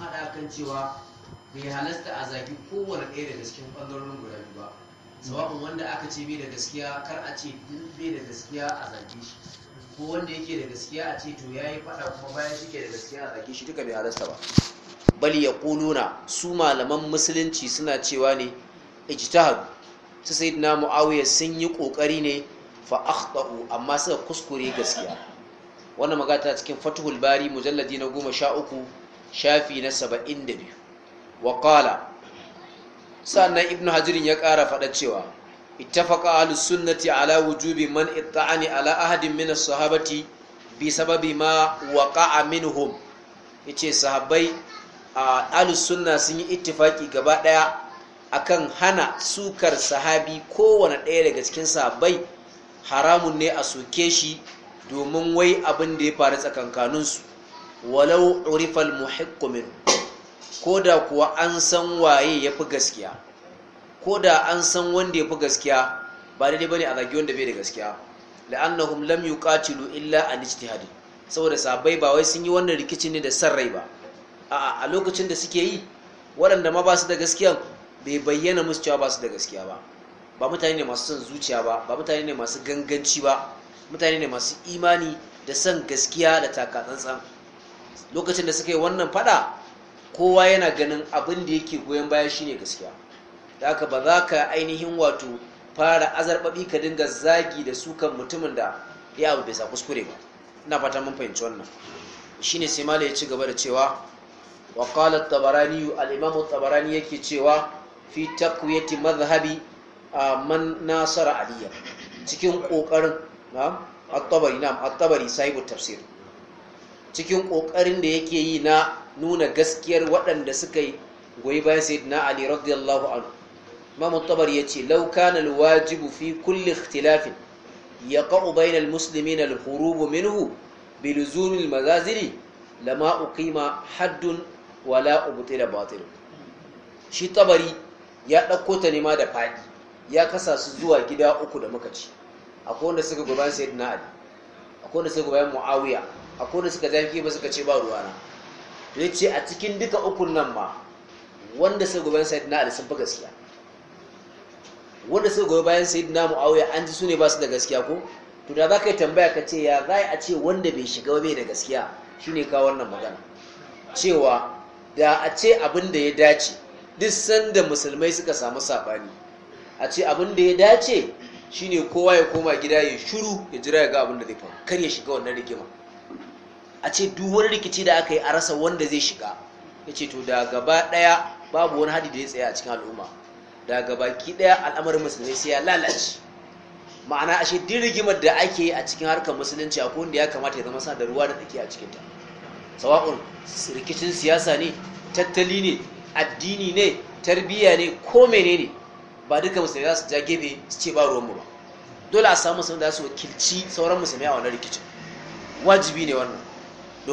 hada haɗa kan cewa bai halasta a zagi kowane ɗaya da cikin ɓangarorin guda biyu ba sababin wanda aka ce bai da gaskiya kar a ce duk bai da gaskiya a zage shi ko wanda yake da gaskiya a ce to ya yi faɗa kuma bayan shi ke da gaskiya a zage shi duka bai halasta ba bali ya ƙuluna su malaman musulunci suna cewa ne ijtihad su sai na mu'awiyar sun yi ƙoƙari ne fa akhtau amma suka kuskure gaskiya wannan magana cikin fatuhul bari mujalladi na goma sha uku shafi na saba'in biyu wa qala sannan ibn hajjirin ya kara faɗa cewa ittafaqa ahlus sunnati ala wujubi man itta'ani ala ahadin min as-sahabati bi sababi ma waqa'a minhum yace sahabbai ahlus sunna sun yi ittifaki gaba daya akan hana sukar sahabi kowane ɗaya daga cikin sahabbai haramun ne a soke shi domin wai abin da ya faru tsakankaninsu walau urifal muhiqqu min koda kuwa an san waye yafi gaskiya koda an san wanda yafi gaskiya ba daidai ne a zagi da bai da gaskiya la'annahum lam yuqatilu illa an ijtihadi saboda sabai ba wai sun yi wannan rikicin ne da san rai ba a'a a lokacin da suke yi waɗanda ma ba su da gaskiya bai bayyana musu cewa ba su da gaskiya ba ba mutane ne masu son zuciya ba ba mutane ne masu ganganci ba mutane ne masu imani da son gaskiya da takatsantsan lokacin da suka yi wannan fada kowa yana ganin abin da yake goyon baya shine gaskiya da aka ba za ka ainihin wato fara azarbabi ka dinga zagi da sukan mutumin da ya abu bai sa kuskure ba ina fata mun fahimci wannan shine sai mala ya ci gaba da cewa wa qala tabarani al tabarani yake cewa fi mazhabi a man nasara aliyar cikin kokarin na attabari tabari na at sahibu tafsir cikin ƙoƙarin da yake yi na nuna gaskiyar waɗanda suka yi goyi bayan na ali radiyallahu anhu imam tabari ya ce law kana alwajibu fi kulli ikhtilafin yaqa'u bainal almuslimina alhurub minhu bi luzum lama uqima haddun wala ubtila batil shi tabari ya ɗauko ta nema da faɗi ya kasa su zuwa gida uku da muka ci akwai wanda suka goyi bayan na ali akwai wanda suka goyi bayan muawiya akwai da suka zafi ba suka ce ba ruwana ya ce a cikin duka ukun nan ma wanda sai gobe sai ali sun fi gaskiya wanda sai gobe bayan na mu'awuyar an ji su ne ba su da gaskiya ko to da za ka yi tambaya ka ce ya za a ce wanda bai shiga bai da gaskiya shine kawo wannan magana cewa da a ce abin da ya dace duk sanda musulmai suka samu saɓani, a ce abin da ya dace shine kowa ya koma gida ya shiru ya jira ya ga abin da zai faru kar ya shiga wannan rigima a ce duk wani rikici da aka yi a rasa wanda zai shiga ya ce to da gaba daya babu wani hadi da ya tsaye a cikin al'umma da gaba ki ɗaya al'amarin musulmi sai ya lalace ma'ana ashe duk rigimar da ake yi a cikin harkar musulunci a wanda ya kamata ya zama sa da ruwa da tsaki a cikinta sawa'un rikicin siyasa ne tattali ne addini ne tarbiyya ne ko menene ba duka musulmi za su ja gebe su ce ba ruwanmu ba dole a samu musulmi da su wakilci sauran musulmi a wannan rikicin wajibi ne wannan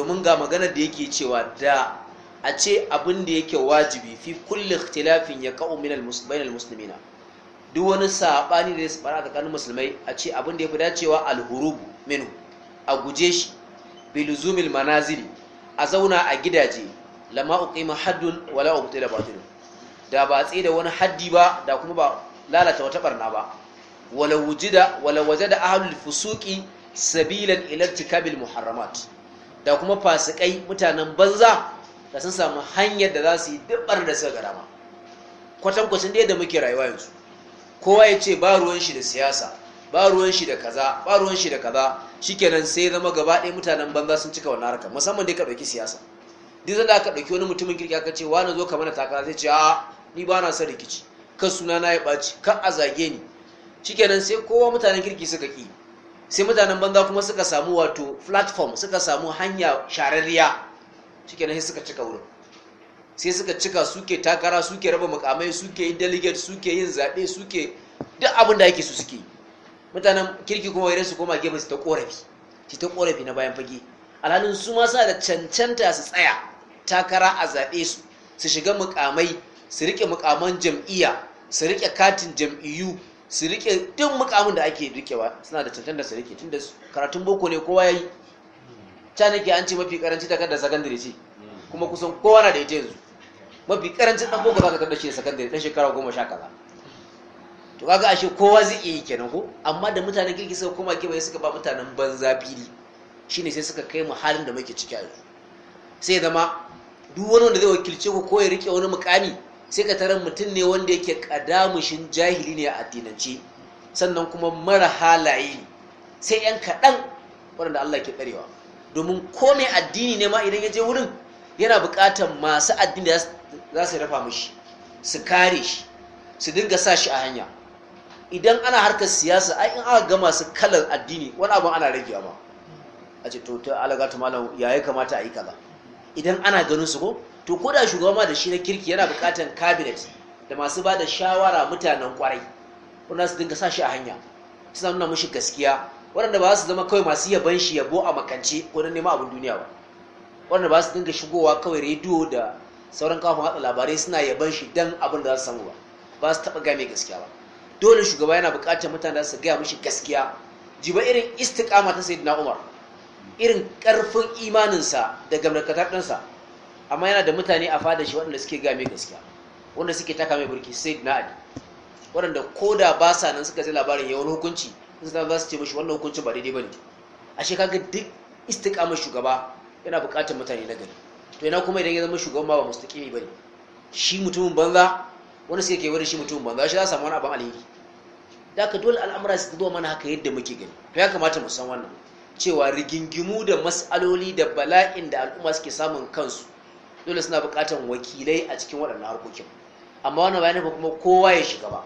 domin ga maganar da yake cewa da a ce abin da yake wajibi fi kulli ikhtilafin ya ka'u min al muslimina duk wani sabani da ya sabara tsakanin musulmai a ce abin da yafi dacewa al-hurubu minhu a guje shi biluzumil luzumil manazili a zauna a gidaje lama uqima haddun wala ubtila batilun da ba tsaye da wani haddi ba da kuma ba lalata wata barna ba wala wujida wala wajada ahlul fusuqi sabilan ila irtikabil muharramat da kuma fasikai mutanen banza da sun samu hanyar da za su yi dubbar da suka garama kwatankwacin da yadda muke rayuwa yanzu kowa ya ce ba ruwan shi da siyasa ba ruwan shi da kaza ba ruwan shi da kaza shikenan sai zama gaba ɗaya mutanen banza sun cika wani harkar musamman dai ka ɗauki siyasa duk zan da aka ɗauki wani mutumin kirki aka ce wani zo ka mana takara zai ce a ni ba na son rikici kan suna na ya ɓaci kan a zage ni shikenan sai kowa mutanen kirki suka ƙi sai mutanen banza kuma suka samu wato platform suka samu hanya shararriya shike nan suka cika wurin sai suka cika suke takara suke raba makamai suke yin delegate suke yin zaɓe suke duk abin da ake su suke mutanen kirki kuma wairin su koma gefe su ta korafi ci ta korafi na bayan fage alhalin su ma sa da cancanta su tsaya takara a zaɓe su su shiga mukamai su riƙe mukaman jam'iyya su riƙe katin jam'iyyu su rike duk mukamin da ake rikewa suna da cancanta su rike da karatun boko ne kowa ya yi nake an ce mafi karanci takarda sakandare ce kuma kusan kowa na da ita yanzu mafi karancin ɗan boko zaka da sakandare ɗan shekara goma sha kaza to kaga ashe kowa zai iya yi kenan ko amma da mutanen kirki suka koma kiba suka ba mutanen banza fili shine sai suka kai mu halin da muke ciki a yanzu sai zama duk wani wanda zai wakilce ku ko ya rike wani mukami sai ka tarar mutum ne wanda yake kadamushin jahili ne a addinance sannan kuma mara halaye sai yan kaɗan waɗanda Allah ke ɗarewa. domin komai addini ne ma idan ya je wurin yana buƙatar masu addini da za su rafa mashi su kare shi su dinga sa shi a hanya idan ana harkar siyasa ai in aka ga masu kalar addini wani abin ana ragewa ba a ce to ta alaga ta malam ya ya kamata a yi kaza idan ana ganin su ko to ko da shugaba ma da shi na kirki yana bukatan cabinet da masu ba da shawara mutanen kwarai wanda su dinga sa shi a hanya suna nuna mushi gaskiya waɗanda ba su zama kawai masu yaban shi yabo a makance ko na neman abin duniya ba waɗanda ba su dinga shigowa kawai rediyo da sauran kafin haɗa labarai suna yaban shi dan abin da za su samu ba ba su taɓa game gaskiya ba dole shugaba yana buƙatar mutane su gaya mushi gaskiya jiba irin istiƙama ta sayyidina umar irin ƙarfin imaninsa da gamarkatar ɗansa amma yana da mutane a fada shi waɗanda suke game gaskiya wanda suke taka mai burki sai na adi waɗanda ko da ba sa nan suka zai labarin ya wani hukunci sun za su ce mashi wannan hukuncin ba daidai ba ne a shekaga duk istikamar shugaba yana buƙatar mutane na gari to yana kuma idan ya zama shugaban ba ba mustaƙi ba ne shi mutumin banza wanda suke kewar da shi mutumin banza shi za su samu wani abin alheri da aka dole al'amura su zuwa mana haka yadda muke gani to ya kamata mu san wannan cewa rigingimu da mas'aloli da bala'in da al'umma suke samun kansu dole suna buƙatar wakilai a cikin waɗannan harkokin amma wannan bayanin ba kuma kowa ya shiga ba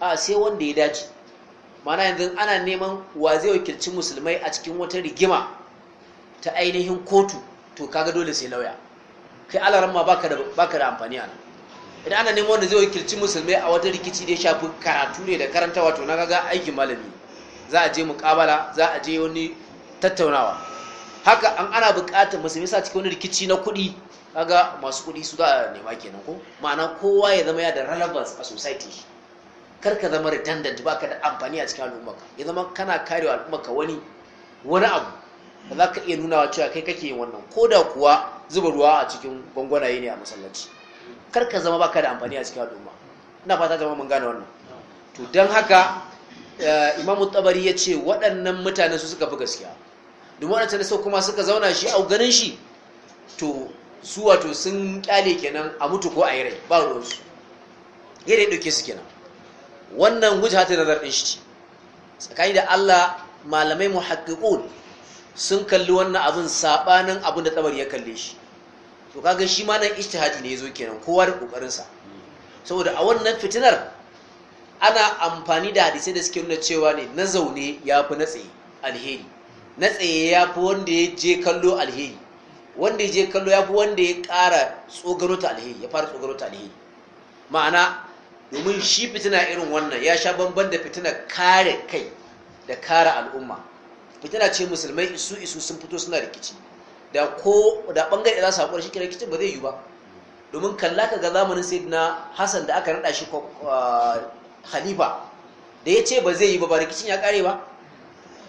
a sai wanda ya dace mana yanzu ana neman wa zai wakilci musulmai a cikin wata rigima ta ainihin kotu to kaga dole sai lauya kai alaran ma baka da da amfani a nan idan ana neman wanda zai wakilci musulmai a wata rikici da ya shafi karatu ne da karantawa to na kaga aikin malami za a je mukabala za a je wani tattaunawa haka an ana buƙatar musulmi sa cikin wani rikici na kuɗi kaga masu kuɗi su za a nema kenan ko ma'ana kowa ya zama ya da relevance a society kar ka zama redundant baka da amfani a cikin ka ya zama kana al'umma ka wani wani abu da za ka iya nunawa cewa kai kake yin wannan ko da kuwa zuba ruwa a cikin gwangwanaye ne a masallaci kar ka zama baka da amfani a cikin al'umma ina fata zama mun gane wannan to don haka eh, imamu tabari ya ce waɗannan mutane su suka fi gaskiya domin na sau kuma suka zauna shi a ganin shi to su wato sun kyale kenan a mutu ko a yi rai ba ruwansu yadda ya ɗauke su kenan wannan guji hata nazar ɗin shi tsakani da allah malamai muhakkikun sun kalli wannan abin saɓanin abin da tsabar ya kalle shi to kaga shi ma nan ijtihadi ne ya zo kenan kowa da ƙoƙarinsa saboda a wannan fitinar ana amfani da hadisai da suke nuna cewa ne na zaune ya fi na tsaye alheri na tsaye ya fi wanda ya je kallo alheri wanda ya je kallo ya fi wanda ya ƙara tsogaro ta alheri ya fara tsogaro ta alheri ma'ana domin shi fitina irin wannan ya sha bamban da fitina kare kai da kare al'umma fitina ce musulmai isu isu sun fito suna rikici da ko da bangare za su haƙura shi rikicin ba zai yi ba domin kalla ka ga zamanin na hassan da aka naɗa shi ah, khalifa da ya ce ba zai yi ba ba rikicin ya kare ba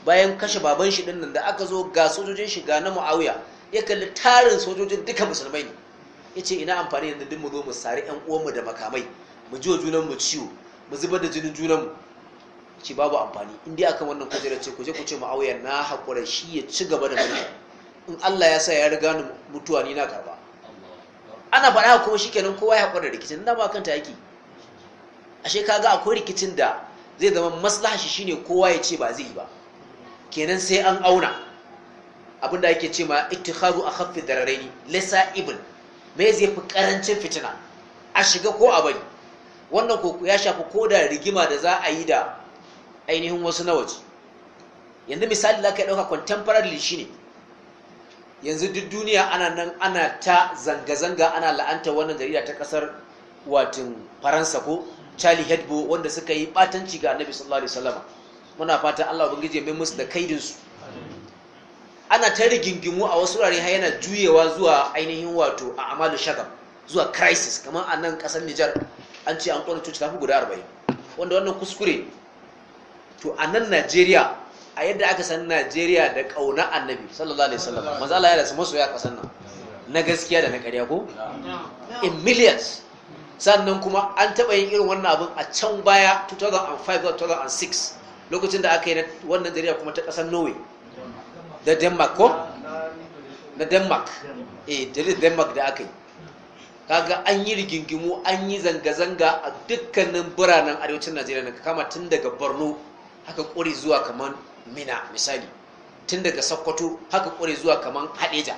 bayan kashe baban shi dinnan da aka zo ga sojojin shi ga na muawiya ya kalli tarin sojojin duka musulmai ne ya ce ina amfani da duk mu zo mu sari yan uwanmu da makamai mu ji wa junan mu ciwo mu zubar da jinin junan mu ce babu amfani in dai aka wannan kujera ce ku je ku ce muawiya na hakura shi ya ci gaba da mulki in Allah ya sa ya riga ni mutuwa ni na karba ana faɗa kuma shikenan kowa ya haƙura rikicin na ba kanta yake ashe kaga akwai rikicin da zai zama maslaha shi shine kowa ya ce ba zai yi ba kenan sai an auna abinda ake ce ma ittikhadu da dararaini lisa ibn me zai fi karancin fitina a shiga ko a bari wannan koko ya shafi ko da rigima da za a yi da ainihin wasu na waje yanzu misali za ka ɗauka contemporary shi ne yanzu duk duniya ana nan ana ta zanga-zanga ana la'anta wannan jarida ta ƙasar watin faransa ko charlie hebdo wanda suka yi ɓatanci ga annabi sallallahu alaihi wasallama muna fata Allah ubangiji ya mai musu da kaidinsu. ana ta rigingimu a wasu wurare har yana juyewa zuwa ainihin wato a amalu shagab zuwa crisis kamar a nan kasar Nijar an ce an kona coci tafi guda arba'in. wanda wannan kuskure to a nan Najeriya a yadda aka san Najeriya da kauna annabi sallallahu alaihi wasallam manzo Allah ya rasu masoya ƙasar nan na gaskiya da na ƙarya ko in millions sannan kuma an taɓa yin irin wannan abin a can baya 2005-2006 lokacin da aka yi wannan jarida kuma ta kasar norway da denmark ko na denmark eh jaridar denmark da aka yi kaga an yi rigingimu an yi zanga-zanga a dukkanin biranen arewacin najeriya na kama tun daga borno haka kore zuwa kaman mina misali tun daga sokoto haka kore zuwa kaman hadeja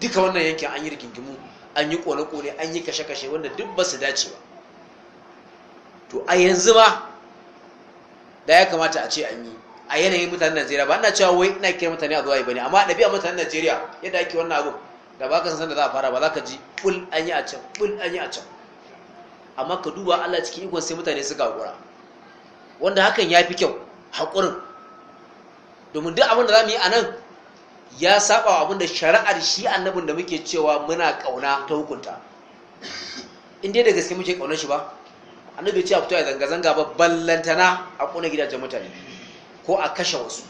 duka wannan yankin an yi rigingimu an yi kone-kone an yi kashe-kashe wanda duk ba su dace ba to a yanzu ma da ya kamata a ce an yi a yanayin mutanen Najeriya ba ina cewa wai ina kira mutane a zuwa yi bane amma a ɗabi'a mutanen Najeriya yadda ake wannan abu da ba ka san da za a fara ba za ka ji ɓul an yi a can Ɓul an yi a can amma ka duba Allah cikin ikon sai mutane suka hakura wanda hakan ya fi kyau hakurin domin duk abin da za mu yi a nan ya saba wa abin da shari'ar shi annabin da muke cewa muna kauna ta hukunta in dai da gaske muke kaunar shi ba annabi ce a fito ya zanga-zanga ba ballantana a kuna gidajen mutane ko a kashe wasu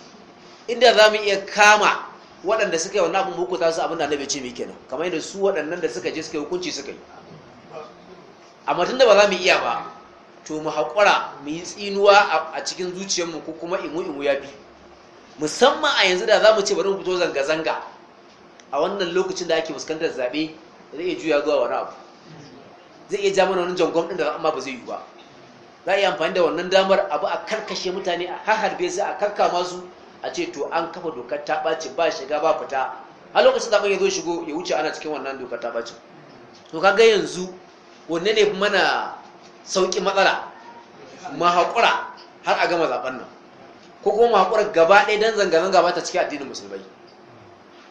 inda za mu iya kama waɗanda suka yi wannan abin za su abin da annabi ce mai kenan kamar yadda su waɗannan da suka je suka hukunci suka yi amma ba za mu iya ba to mu haƙura mu yi tsinuwa a cikin zuciyarmu ko kuma imu-imu ya bi musamman a yanzu da za mu ce bari mu fito zanga-zanga a wannan lokacin da ake fuskantar zaɓe zai iya juya zuwa wani abu zai iya ja wani jangon ɗin da amma ba zai yi ba za a yi amfani da wannan damar abu a karkashe mutane a harbe su a karka masu a ce to an kafa dokar ta ɓace ba shiga ba fita har lokacin da ya zo shigo ya wuce ana cikin wannan dokar ta ɓace to kaga yanzu wanne ne mana sauƙi matsala ma haƙura har a gama zaɓen nan ko kuma ma haƙura gaba ɗaya don zanga-zanga ba ta cikin addinin musulmai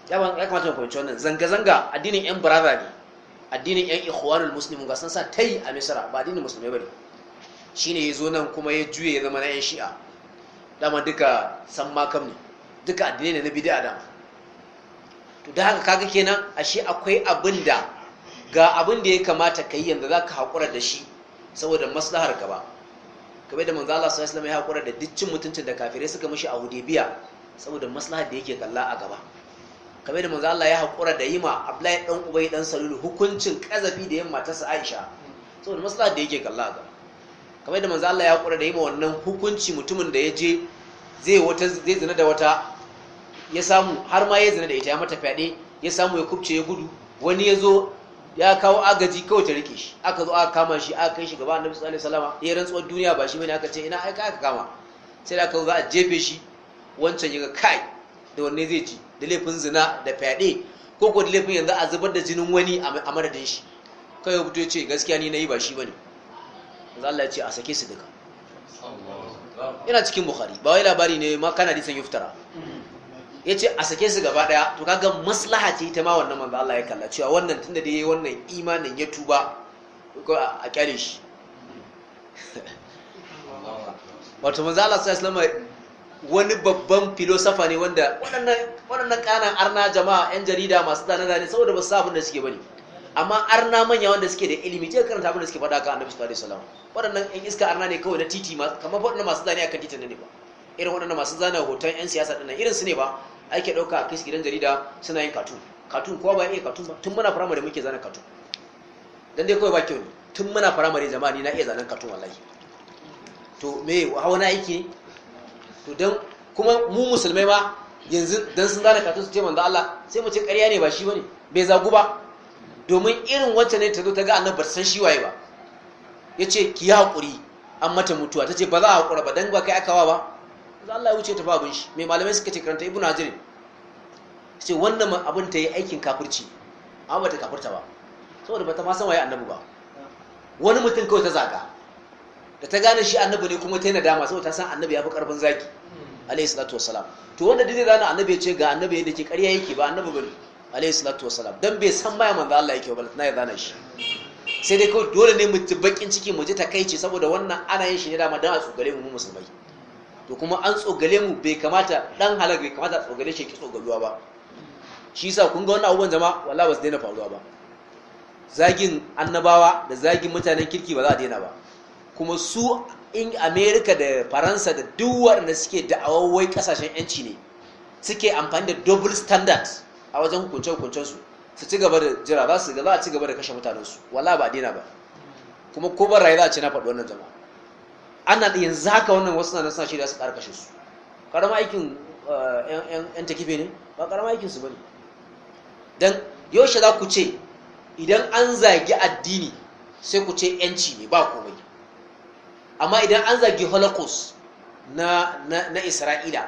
ya kamata mu fahimci wannan zanga-zanga addinin 'yan brother ne addinin yan ikhwanul muslimin ga san sa yi a misra ba addinin musulmai bane shine yazo nan kuma ya juye ya zama na yan shi'a dama duka san makam ne duka addinai ne na bid'a dama to da haka kaga kenan ashe akwai abin da ga abin da ya kamata kai yanzu zaka hakura da shi saboda maslahar gaba kamar da manzo Allah sallallahu alaihi ya hakura da dukkan mutuncin da kafirai suka mishi a Hudaybiya saboda maslahar da yake kalla a gaba kamar da manzo Allah ya haƙura da yima Abdullahi dan Ubay dan Salulu hukuncin kazafi da yamma ta Aisha saboda maslaha da yake kalla ga kamar da manzo Allah ya haƙura da yima wannan hukunci mutumin da ya je zai wata zina da wata ya samu har ma ya zina da ita ya mata fyaɗe ya samu ya kubce ya gudu wani ya zo ya kawo agaji kawai ta rike shi aka zo aka kama shi aka kai shi gaba annabi sallallahu alaihi wasallam ya rantsuwar duniya ba shi bane aka ce ina aika aka kama sai da aka zo za a jefe shi wancan ya ga kai da wanne zai ji da laifin zina da fyaɗe ko ko da laifin yanzu a zubar da jinin wani a madadin shi kai ya fito ya ce gaskiya ni na yi ba shi ba ne yanzu Allah ya ce a sake su duka yana cikin bukhari ba wai labari ne ma kana disan yuftara ya ce a sake su gaba daya to kaga maslaha ce ta ma wannan manzo Allah ya kalla cewa wannan tunda da yayi wannan imanin ya tuba ko a kyale shi wato manzo Allah sallallahu alaihi wasallam wani babban filosofa ne wanda waɗannan ƙanan arna jama'a 'yan jarida masu zane-zane saboda ba su abin da suke bane amma arna manya wanda suke da ilimi ce karanta abin da suke faɗa kan annabi sallallahu alaihi wasallam waɗannan 'yan iska arna ne kawai na titi kamar waɗannan masu zane akan titin ne ba irin waɗannan masu zane hoton 'yan siyasa ɗin irin su ne ba ake ɗauka a kai gidan jarida suna yin katun katun kowa ba iya katun ba tun muna firamare muke zana katun dan dai kawai ba kyau ne tun muna firamare ni na iya zanen katun wallahi to me hawa na aiki to don kuma mu musulmai ma yanzu don sun zane katon su ce manzo Allah sai mu ce ƙarya ne ba shi bane bai zagu ba domin irin wacce ne ta zo ta ga annabi ba san shi waye ba yace ki hakuri an mata mutuwa tace ba za a hakura ba dan ba kai akawa ba manzo Allah ya wuce ta ba abin shi mai malamai suka ce karanta ibnu hajar sai wannan abin ta yi aikin kafirci amma bata kafirta ba saboda bata ma san waye annabi ba wani mutum kawai ta zaga da ta gane shi annabi ne kuma ta yi nadama saboda ta san annabi ya fi karfin zaki alayhi salatu wasalam to wanda duk zai gane annabi ya ce ga annabi yadda ke ƙarya yake ba annabi bane alayhi salatu wasalam dan bai san maya manzo Allah yake ba na ya zana shi sai dai kawai dole ne mutum bakin ciki mu ji takaici saboda wannan ana yin shi ne dama dan a tsogale mu musulmai to kuma an tsogale mu bai kamata dan halal bai kamata a tsogale shi ki tsogaluwa ba shi yasa kun ga wannan abubuwan jama'a wallahi ba su daina faruwa ba zagin annabawa da zagin mutanen kirki ba za a daina ba kuma su in amerika da faransa da duk waɗanda suke da'awawai kasashen yanci ne suke amfani da double standard a wajen hukunce-hukuncen su su ci gaba da jira za su gaba a ci gaba da kashe mutanensu wala ba dina ba kuma ko ba rayu za a ce na faɗi wannan jama'a ana da yanzu haka wannan wasu na suna shirya su ƙara kashe su ƙarama aikin eh, yan takife ne ba ƙarama aikin su ba ne don yaushe za ku ce idan an zagi addini sai ku ce yanci ne ba komai amma idan an zagi holocaust na, na, na isra'ila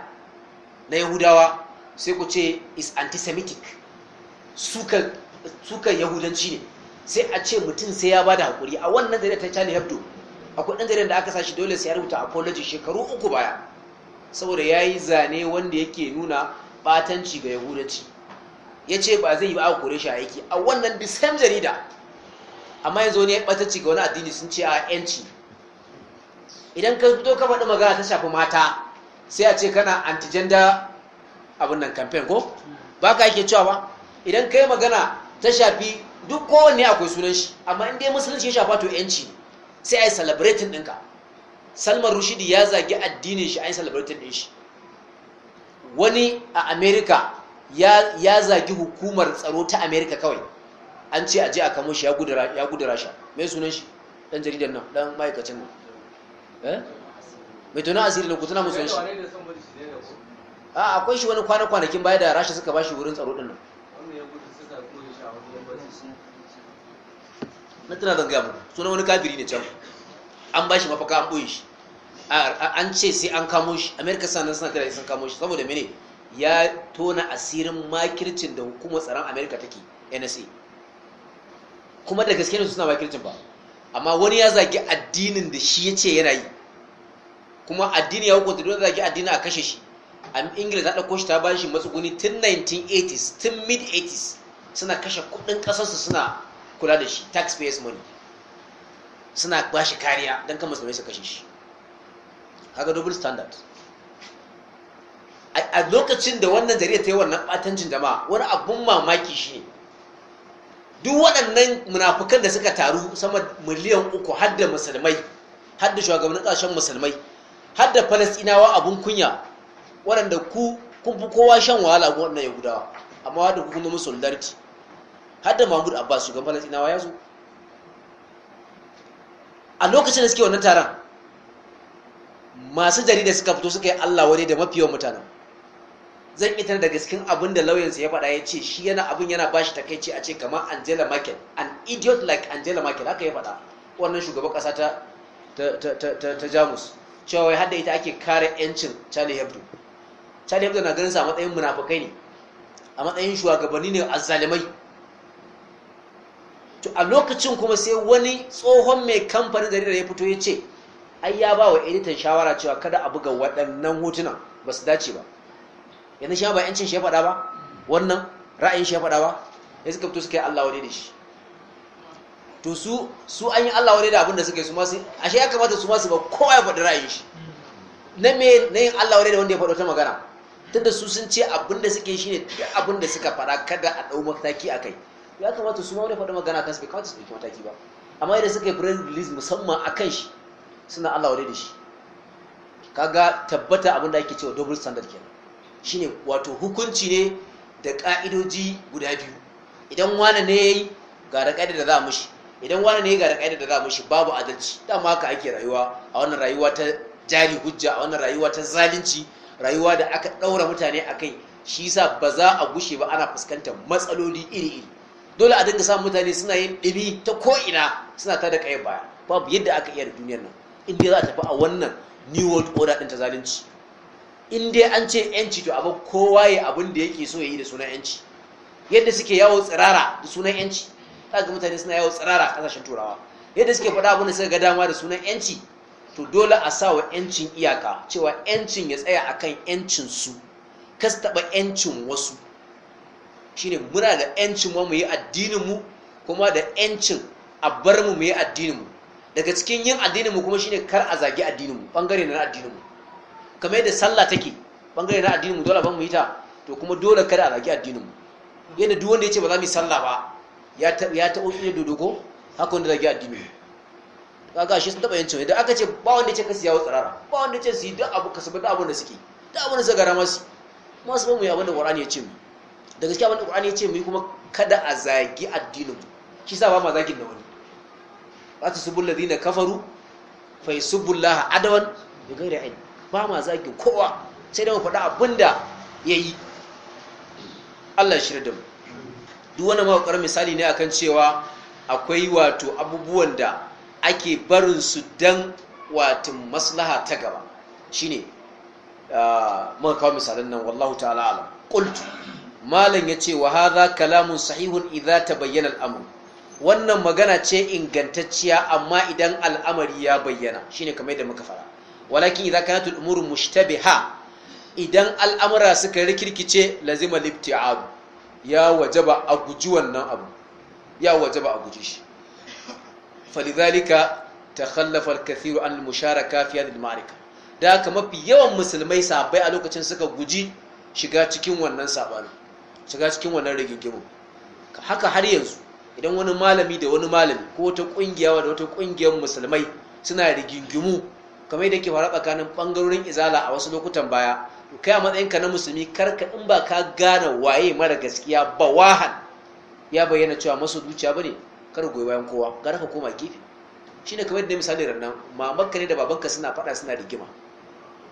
na yahudawa sai ku ce is antisemitic sukan suka yahudanci ne sai a ce mutum sai ya ba da haƙuri a wannan jaridar ta cani hebdo a ɗan jaridar da aka sashi dole sai ya rubuta apology shekaru uku baya saboda ya yi zane wanda yake nuna batanci ga yahudanci ya ce ba zai yi ba a kore shi aiki a wannan the same jarida amma yanzu wani ya batanci ga wani addini sun ce a yanci idan ka fito ka faɗi magana ta shafi mata sai a ce kana anti-gender abin nan campaign ko ba ka yake cewa ba idan ka yi magana ta shafi duk kowanne akwai sunan shi amma in dai musulunci ya shafa to yanci sai a yi celebrating ɗinka salman rushidi ya zagi addinin shi a yi celebrating ɗin shi wani a america ya zagi hukumar tsaro ta america kawai an ce a je a kamo shi ya gudura shi mai sunan shi ɗan jaridar nan ɗan ma'aikacin nan Eh? mai tunan asiri da kutuna musulun shi a akwai shi wani kwanan kwanakin baya da rashi suka bashi wurin tsaro dinnan na tana zanga mu suna wani kafiri ne can an bashi mafaka an ɓoye shi an ce sai an kamo shi amerika sanan suna tare sun kamo shi saboda mene ya tona asirin makircin da hukumar tsaron amerika take nsa kuma da gaske ne suna makircin ba amma wani ya zagi addinin da shi ya ce yana yi kuma addini ya hukunta dole zagi addini a kashe shi an ingila ta ɗauko shi ta ba shi matsuguni tun 1980s tun mid 80s suna kashe kudin ƙasarsu suna kula da shi taxpayers money suna ba shi kariya don kan musulmai su kashe shi haka double standard a lokacin da wannan jarida ta yi wannan batancin jama'a wani abun mamaki shi ne duk waɗannan munafukan da suka taru sama miliyan uku hadda musulmai hadda shugabannin ƙasashen musulmai hadda falastinawa abun kunya waɗanda ku kun fi kowa shan wahala ga waɗannan yahudawa amma wadda ku kuma musu solidarity har mahmud abbas shugaban falastinawa ya zo a lokacin da suke wannan taron masu jarida suka fito suka yi allah wani da mafi yawan mutanen zan itar da gaskin abin da lauyansa ya faɗa ya ce shi yana abin yana ba shi takaici a ce kamar angela merkel an idiot like angela merkel haka ya faɗa wannan shugaban ƙasa ta jamus cewa wai hada ita ake kare yancin charlie hebdo charlie hebdo na ganin sa a matsayin munafukai ne a matsayin shugabanni ne a zalimai to a lokacin kuma sai wani tsohon mai kamfanin jaridar ya fito ya ce ai ya ba wa editan shawara cewa kada a buga waɗannan hotunan ba su dace ba yanzu shi ba yancin shi ya faɗa ba wannan ra'ayin shi ya faɗa ba ya suka fito suka yi Allah wadai da shi to su su an yi Allah wadai da abin da suka yi su su ashe ya kamata su su ba kowa ya faɗi ra'ayin shi na me na yin Allah wadai da wanda ya faɗo ta magana tunda su sun ce abin da suke shi ne duk abin da suka faɗa kada a ɗau mataki a kai ya kamata su ma wani faɗi magana kan su bai kamata su ɗauki mataki ba amma yadda suka yi press release musamman a kan shi suna Allah wadai da shi kaga tabbata abin da ake cewa double standard kenan shine wato hukunci ne da ka'idoji guda biyu idan wane ne yi ga da ƙaidar da za mushi idan wane ne ga da ƙaidar da za mushi babu adalci ma haka ake rayuwa a wannan rayuwa ta jari hujja a wannan rayuwa ta zalunci rayuwa da aka ɗaura mutane a kai shi sa ba za a gushe ba ana fuskantar matsaloli iri-iri dole a dinga samun mutane suna yin ɗimi ta ko'ina suna tada kayan baya babu yadda aka iya da duniyar nan inda za a tafi a wannan new world order ɗin ta zalunci in dai an ce yanci to abu kowa ya abin da yake so ya yi da sunan yanci yadda suke yawo tsirara da sunan yanci ga mutane suna yawo tsirara a kasashen turawa yadda suke faɗa abin da suka ga dama da sunan yanci to dole a sa wa yancin iyaka cewa yancin ya tsaya akan yancin su kas taɓa yancin wasu shine muna da yancin wa mu yi addininmu? kuma da yancin a bar mu mu yi addininmu? daga cikin yin addininmu mu kuma shine kar a zagi addininmu, ɓangare bangare na addininmu. kamar yadda sallah take bangare na addinin mu dole ban mu yi ta to kuma dole kada a zagi addinin mu yadda duk wanda ya ce ba za mu yi sallah ba ya ta ya ta ofi dodogo haka wanda zagi addinin mu kaga shi sun taba cewa idan aka ce ba wanda yace ce kasu yawo tsirara ba wanda yace su yi duk abu kasu da abun da suke da abun da zagara masu masu ba mu yi abin da qur'ani ya ce mu da gaskiya abin da qur'ani ya ce mu kuma kada a zagi addinin mu shi sa ba ma zagin da wani ba su subul ladina kafaru fa yusubbu llaha adawan bi ghairi ilm ba ma zagi kowa sai dama mu faɗa ya yi allah shirya da mu duk wani mawakar misali ne akan cewa akwai wato abubuwan da ake barin su don watin maslaha ta gaba shine ah, muka kawo misalan nan wallahu ta'ala alam qultu malam yace wa hadha kalamun sahihun idza tabayyana al-amr wannan magana ce ingantacciya amma idan al'amari ya bayyana shine kamar yadda muka fara walakin tun kanat al-umur mushtabiha idan al'amura suka rikirkice lazima abu, ya waje ba a guji wannan abu ya waje ba a guji shi falidhalika takhallafa al-kathiru an al-musharaka fi hadhihi al-ma'rika da haka mafi yawan musulmai sabai a lokacin suka guji shiga cikin wannan sabani shiga cikin wannan rigingimu haka har yanzu idan wani malami da wani malami ko wata kungiya da wata kungiyar musulmai suna rigingimu kamar yadda yake faruwa tsakanin bangarorin izala a wasu lokutan baya kai a matsayinka na musulmi karka in ba ka gane waye mara gaskiya ba wahan ya bayyana cewa masu zuciya bane kar goyi bayan kowa gara ka koma gefe shine kamar yadda misali nan mamanka ne da babanka suna faɗa suna rigima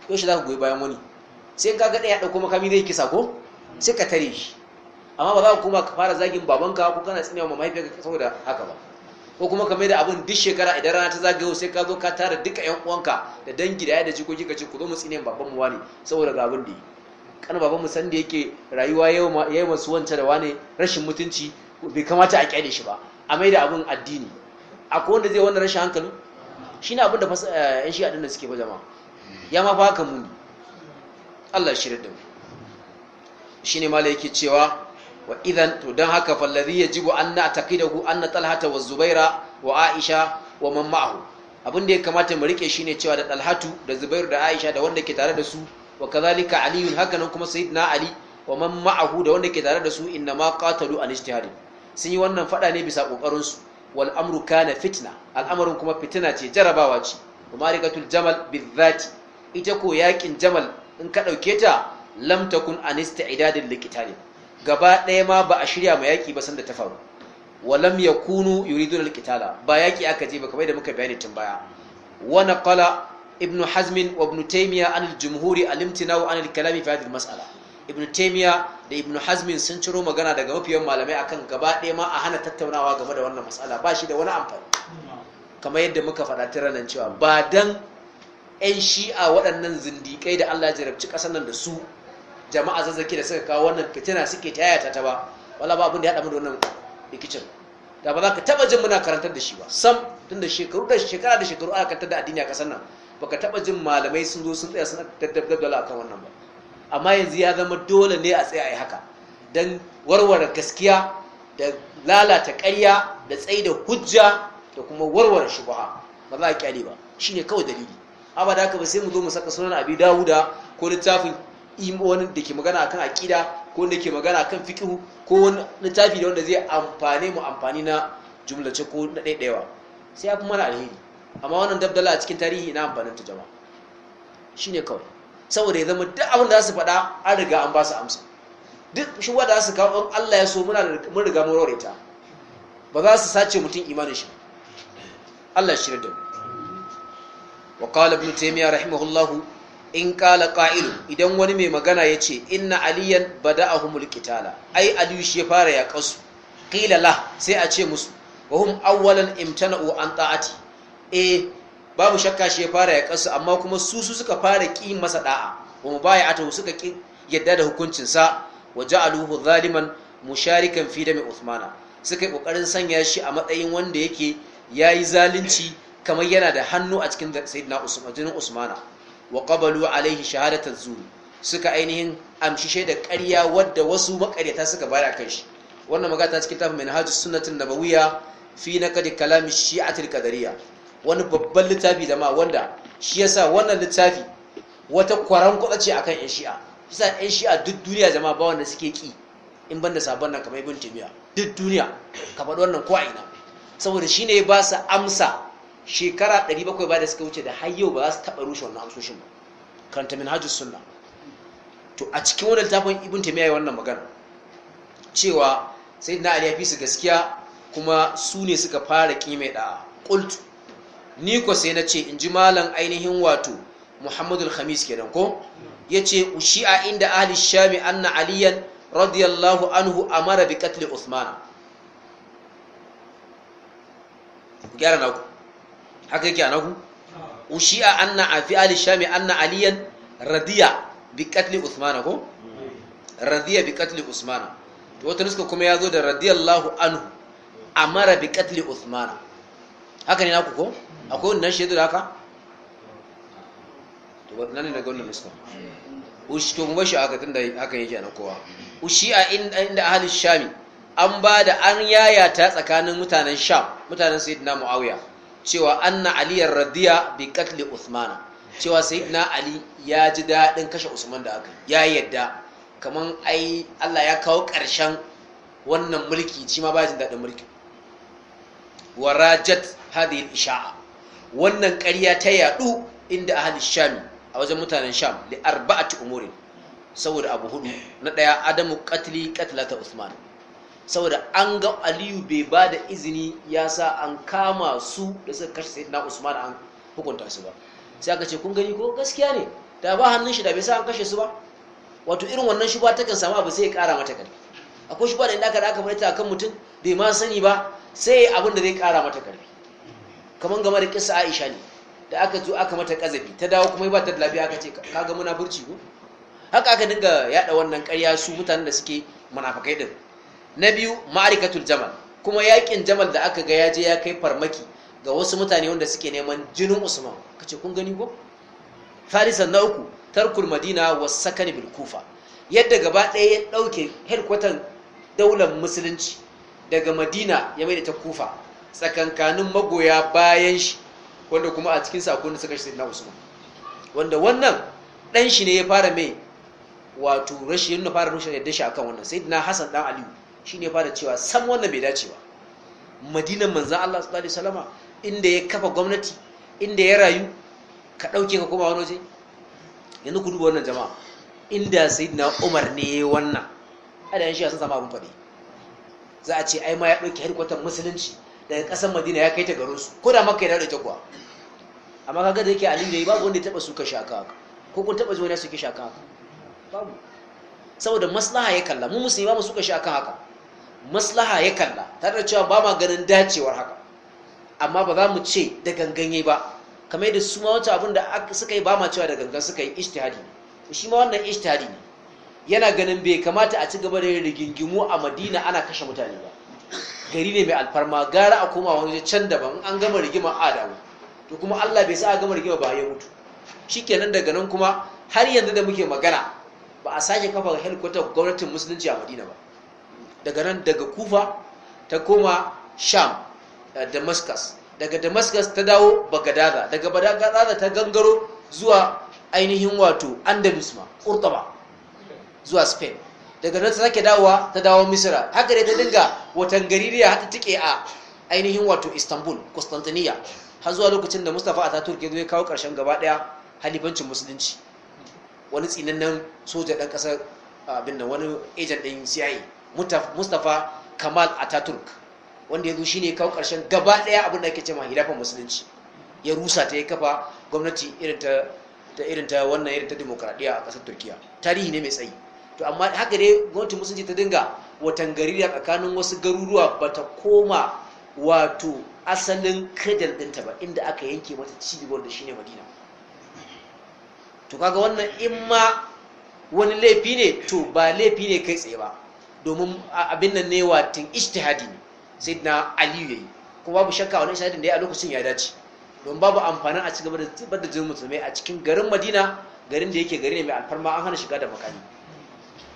yau shi za ka goyi bayan wani sai ka ga ɗaya ɗauko makami zai kisa ko sai ka tare shi amma ba za ka koma ka fara zagin babanka ko kana tsinewa mahaifiyarka saboda haka ba ko kuma ka maida abin duk shekara idan rana ta zagayo sai ka zo ka tara duka yan uwanka da dangi da yaya da jikoki ka ce ku zo mu tsine baban mu wani saboda ga abin da yi kan baban mu san da yake rayuwa yayi masu wanta da wani rashin mutunci bai kamata a kyale shi ba a maida abin addini akwai wanda zai wannan rashin hankali shi ne abin da yan shi da suke ba jama'a ya ma fa haka muni Allah shirin da mu shi ne mala yake cewa wa idan to don haka ji yajibu an na taqidahu anna talhata wa zubaira wa aisha wa man ma'ahu abin da ya kamata mu rike shine cewa da talhatu da zubairu da aisha da wanda ke tare da su wa kazalika haka hakanan kuma sayyidina ali wa man ma'ahu da wanda ke tare da su inna ma qatalu an ijtihad sun yi wannan fada ne bisa kokarin su wal amru kana fitna al'amarin kuma fitina ce jarabawa ce wa marikatul jamal bizati ita ko yakin jamal in ka dauke ta lam takun an istidadin liqitalin gaba ɗaya ma ba a shirya ma yaƙi ba sanda ta faru walam yakunu yuridun Kitala. ba yaƙi aka je ba kamar da muka bayani tun baya Wani kala, ibn Hazmin, wa ibn taymiya an al-jumhuri al-imtina'u an al fi hadhihi masala ibn taymiya da ibn Hazmin sun ciro magana daga mafiyan malamai akan gaba ɗaya ma a hana tattaunawa game da wannan mas'ala ba shi da wani amfani kamar yadda muka faɗa ta ranar cewa ba dan 'yan shi'a waɗannan zindikai da Allah ya jarabci ƙasar nan da su jama'a zazzaki da suka kawo wannan fitina suke ta yaya ta ba wala ba abin da ya haɗa mu da wannan rikicin da ba za ka taɓa jin muna karantar da shi ba sam tun da shekaru da shekara da shekaru aka karantar da addini a ƙasar nan ba ka taɓa jin malamai sun zo sun tsaya sun da akan wannan ba amma yanzu ya zama dole ne a tsaya a haka don warware gaskiya da lalata ƙarya da tsaye da hujja da kuma warware shubaha ba za a kyale ba shine kawai dalili abada haka ba sai mu zo mu saka sunan abi dawuda ko littafin wani da ke magana akan aƙida ko wanda ke magana akan fiqh ko wani littafi da wanda zai amfane mu amfani na jumlace ko na ɗaiɗaiwa sai ya fi mana alheri amma wannan dabdala a cikin tarihi na amfanin ta shi shine kawai saboda ya zama duk abin da za su faɗa an riga an ba su amsa duk shi wanda za su kawo in Allah ya so muna mun riga mun rore ta ba za su sace mutum imanin shi Allah shi da mu wa qala ibn taymiyyah rahimahullahu in kala qa'ilu idan wani mai magana ya ce inna aliyan ba da mulki tala. ai aliyu shi ya fara ya kasu ƙilala sai a ce musu wa hum awwalan imtana'u an ta'ati eh babu shakka shi ya fara ya kasu amma kuma su su suka fara ƙi masa da'a ya mubaya'atu suka ƙi yadda da hukuncinsa. sa wa ja'aluhu zaliman musharikan fi mai Uthmana suka yi ƙoƙarin sanya shi a matsayin wanda yake yayi zalunci kamar yana da hannu a cikin sayyidina Usman jinin Usmana wa qabalu alaihi shahadatan zuri suka ainihin amshi shaidar ƙarya wadda wasu makaryata suka bayar akan shi wannan magana ta cikin tafin manhajus sunnatin nabawiyya fi naqd kalam shi'atil qadariyya wani babban littafi da ma wanda shi yasa wannan littafi wata kwaran kwada ce akan yan shi'a yasa yan shi'a duk duniya jama'a ba wanda suke ki in banda sabon nan kamar ibn taymiya duk duniya ka faɗi wannan ko a ina saboda shine ya ba su amsa shekara 700 ba da suka wuce da har yau ba za su taɓa rushe wannan amsoshin ba karanta minhajus sunna to a cikin wannan littafin ibn taymiya ya wannan magana cewa sayyidina ali ya fi su gaskiya kuma su ne suka fara kime da qult ni ko sai na ce in ji malam ainihin wato muhammadul khamis kenan ko yace a inda ahli shami anna aliyan radiyallahu anhu amara bi qatl usman gyara na ku haka yake anahu ushi'a anna a fi ali shami anna aliyan radiya bi katli usmana ko radiya bi katli usmana to wata nuska kuma ya zo da radiyallahu anhu amara bi katli usmana haka ne naku ko akwai wannan shaidu da haka to nan ne daga wannan nuska ushi to mu a aka tunda haka yake na kowa ushi a inda ahli shami an ba da an yayata tsakanin mutanen sham mutanen sayyidina muawiya cewa anna aliyar radiya bi katli usmana cewa sayyidina ali ya ji daɗin kashe usman da aka ya yadda kaman ai Allah ya kawo ƙarshen wannan mulki shi ma ba jin daɗin mulki wa rajat hadhihi isha'a wannan ƙarya ta yadu inda ahli sham a wajen mutanen sham li arba'ati umuri saboda abu hudu na daya adamu qatli qatlata usman saboda an ga aliyu bai ba da izini ya sa an kama su da suka kashe na usman an hukunta su ba sai aka ce kun gani ko gaskiya ne da ba hannun shi da bai sa an kashe su ba wato irin wannan shuba kan samu abu sai ya kara mata karfi akwai shuba da inda aka aka fara kan mutum bai ma sani ba sai ya abin da zai kara mata karfi kamar game da kisa Aisha ne da aka zo aka mata kazabi ta dawo kuma ba ta da lafiya aka ce ka ga muna burci ko haka aka dinga yada wannan karya su mutanen da suke munafikai din na biyu ma'arikatul jamal kuma yakin jamal da aka ga yaje ya kai farmaki ga wasu mutane wanda suke neman jinin usman kace kun gani ko na uku tarkul madina was sakani bil kufa yadda gaba ɗaya ya ɗauke headquarter daular musulunci daga madina ya mai da ta kufa tsakankanin magoya bayan shi wanda kuma a cikin sakon da suka shi na usman wanda wannan ɗan shi ne ya fara mai wato rashin yin fara rushe yadda shi akan wannan sai na hasan dan aliyu shine fara cewa sam wannan bai dace ba madina manzan Allah sallallahu alaihi wasallama inda ya kafa gwamnati inda ya rayu ka dauke ka koma wani waje yanzu ku duba wannan jama'a inda sayyidina Umar ne wannan yin shi sun samu abin fadi za a ce ai ma ya dauke harkwatar musulunci daga kasar Madina ya kai ta garo su ko da Makka ya dauke kuwa amma kaga da yake Aliyu yayi babu wanda ya taba suka shaka ko kun taba ji wani suke shaka babu saboda maslaha ya kalla mu musulmi ba mu suka shaka haka maslaha ya kalla tare da cewa ba ma ganin dacewar haka amma ba za mu ce da ganganye ba kamar yadda su ma wancan abin da suka yi ba ma cewa da gangan suka yi ishtihadi ne shi ma wannan ishtihadi ne yana ganin bai kamata a ci gaba da yin rigingimu a madina ana kashe mutane ba gari ne mai alfarma gara a koma wani can daban an gama rigima adamu to kuma allah bai sa a gama rigima ba ya mutu shikenan daga nan kuma har yanzu da muke magana ba a sake kafa helikwata gwamnatin musulunci a madina ba daga nan daga kufa ta koma sham eh, damascus daga damascus ta dawo Bagadada daga Bagadada ta gangaro zuwa ainihin wato andalus ma kurtaba zuwa spain daga nan ta sake dawowa ta dawo misira haka dai ta dinga watan gaririya hata take a ainihin wato istanbul constantinia har zuwa lokacin da mustapha ataturk ya zo ya kawo karshen gaba daya halifancin musulunci wani tsinannen soja dan kasar abin da wani ejen din CIA mustapha kamal ataturk wanda ya zo shi ne kawo ƙarshen gaba ɗaya abin da ake cewa hilafar musulunci ya rusa ta ya kafa gwamnati irin ta wannan irin ta demokradiyya a ƙasar turkiya tarihi ne mai tsayi to amma haka dai gwamnatin musulunci ta dinga gari da tsakanin wasu garuruwa ba ta koma wato asalin kadal ɗinta ba inda aka yanke mata cibiyar da shine madina to kaga wannan in ma wani laifi ne to ba laifi ne kai tsaye ba domin abin nan ne watin ishtihadi ne sai na aliyu yi. kuma babu shakka wani ishtihadi da ya a lokacin ya dace don babu amfani a ci gaba da zubar da musulmai a cikin garin madina garin da yake gari ne mai alfarma an hana shiga da makami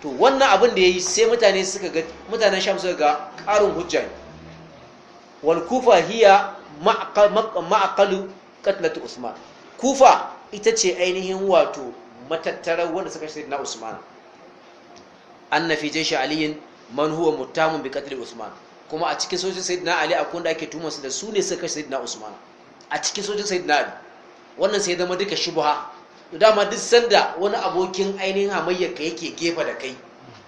to wannan abin da ya yi sai mutane suka ga mutanen sham suka ga karin hujja ne wal kufa hiya ma'aqalu usman kufa ita ce ainihin wato matattarar wanda suka shi na usman annafi fi shi aliyin man huwa mutamun bi katli usman kuma a cikin sojin sayyidina ali akwai wanda ake tuhumar su da su ne suka kashe sayyidina usman a cikin sojin sayyidina ali wannan sai zama duka shubha to dama duk sanda wani abokin ainihin hamayyar ka yake gefa da kai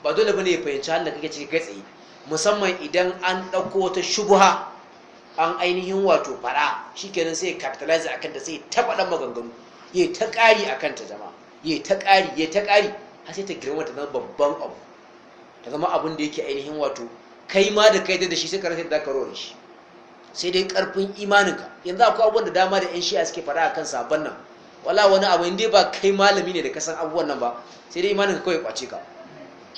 ba dole bane ya fahimci halin da kake ciki kai tsaye musamman idan an dauko wata shubha an ainihin wato fara shikenan sai ya capitalize akan ta sai ya taba dan maganganu ya ta kari akan ta jama'a ya ta kari ya ta kari har sai ta girma ta zama babban abu ya zama abin da yake ainihin wato kai ma da kai da shi sai ka da karo shi sai dai karfin imaninka yanzu akwai abubuwan da dama da yan shi'a suke a akan sabon nan wala wani abu inda ba kai malami ne da kasan abubuwan nan ba sai dai imaninka kawai kwace ka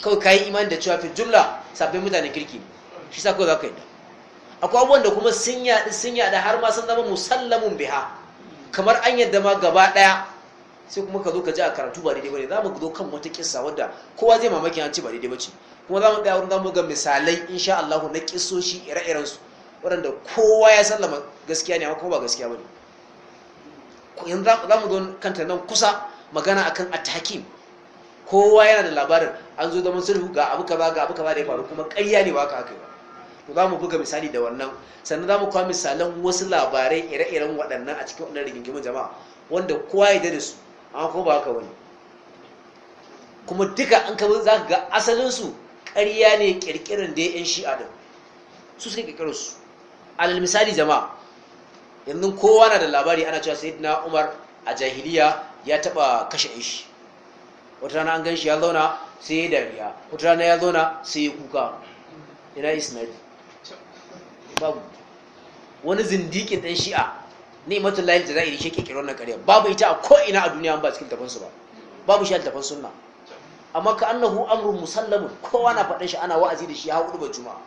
kawai kayi imani da cewa fi jumla sabbin mutane kirki shi sa kawai za ka yi akwai abubuwan da kuma sun yaɗi sun yaɗi har ma sun zama musallamun biha kamar an yadda ma gaba ɗaya sai kuma ka zo ka ji a karatu ba daidai ba ne za mu zo kan wata kissa wadda kowa zai mamaki an ci ba daidai ba ce kuma za mu tsaya wurin zamu ga misalai insha Allah na kisoshi ire-iren su waɗanda kowa ya sallama gaskiya ne ko kuma ba gaskiya bane yanzu za mu zo kanta nan kusa magana akan atakim kowa yana da labarin an zo zaman sulhu ga abu kaza ga abu kaza da ya faru kuma ƙayya ne ba ka kai to za mu buga misali da wannan sannan za mu kawo misalan wasu labarai ire-iren waɗannan a cikin waɗannan rigingimin jama'a wanda kowa ya da su amma ko ba haka wani kuma duka an ka za ka ga asalinsu ƙarya ne ƙirƙirin da ya yan shi'a din su suka ƙirƙirin su alal misali jama'a yanzu kowa na da labari ana cewa "Sai na umar a jahiliya ya taɓa kashe ishi wata rana an gan shi ya zauna sai ya dariya wata rana ya zauna sai ya kuka ina isnadi babu wani zindikin ɗan shi'a ne matan layin da za a yi shi ƙirƙirar na ƙarya babu ita a ko'ina a duniya ba cikin tafansu ba babu shi a tafansu na amma ka annahu amrun musallamun kowa na faɗin shi ana wa'azi da shi ya hudu ba juma'a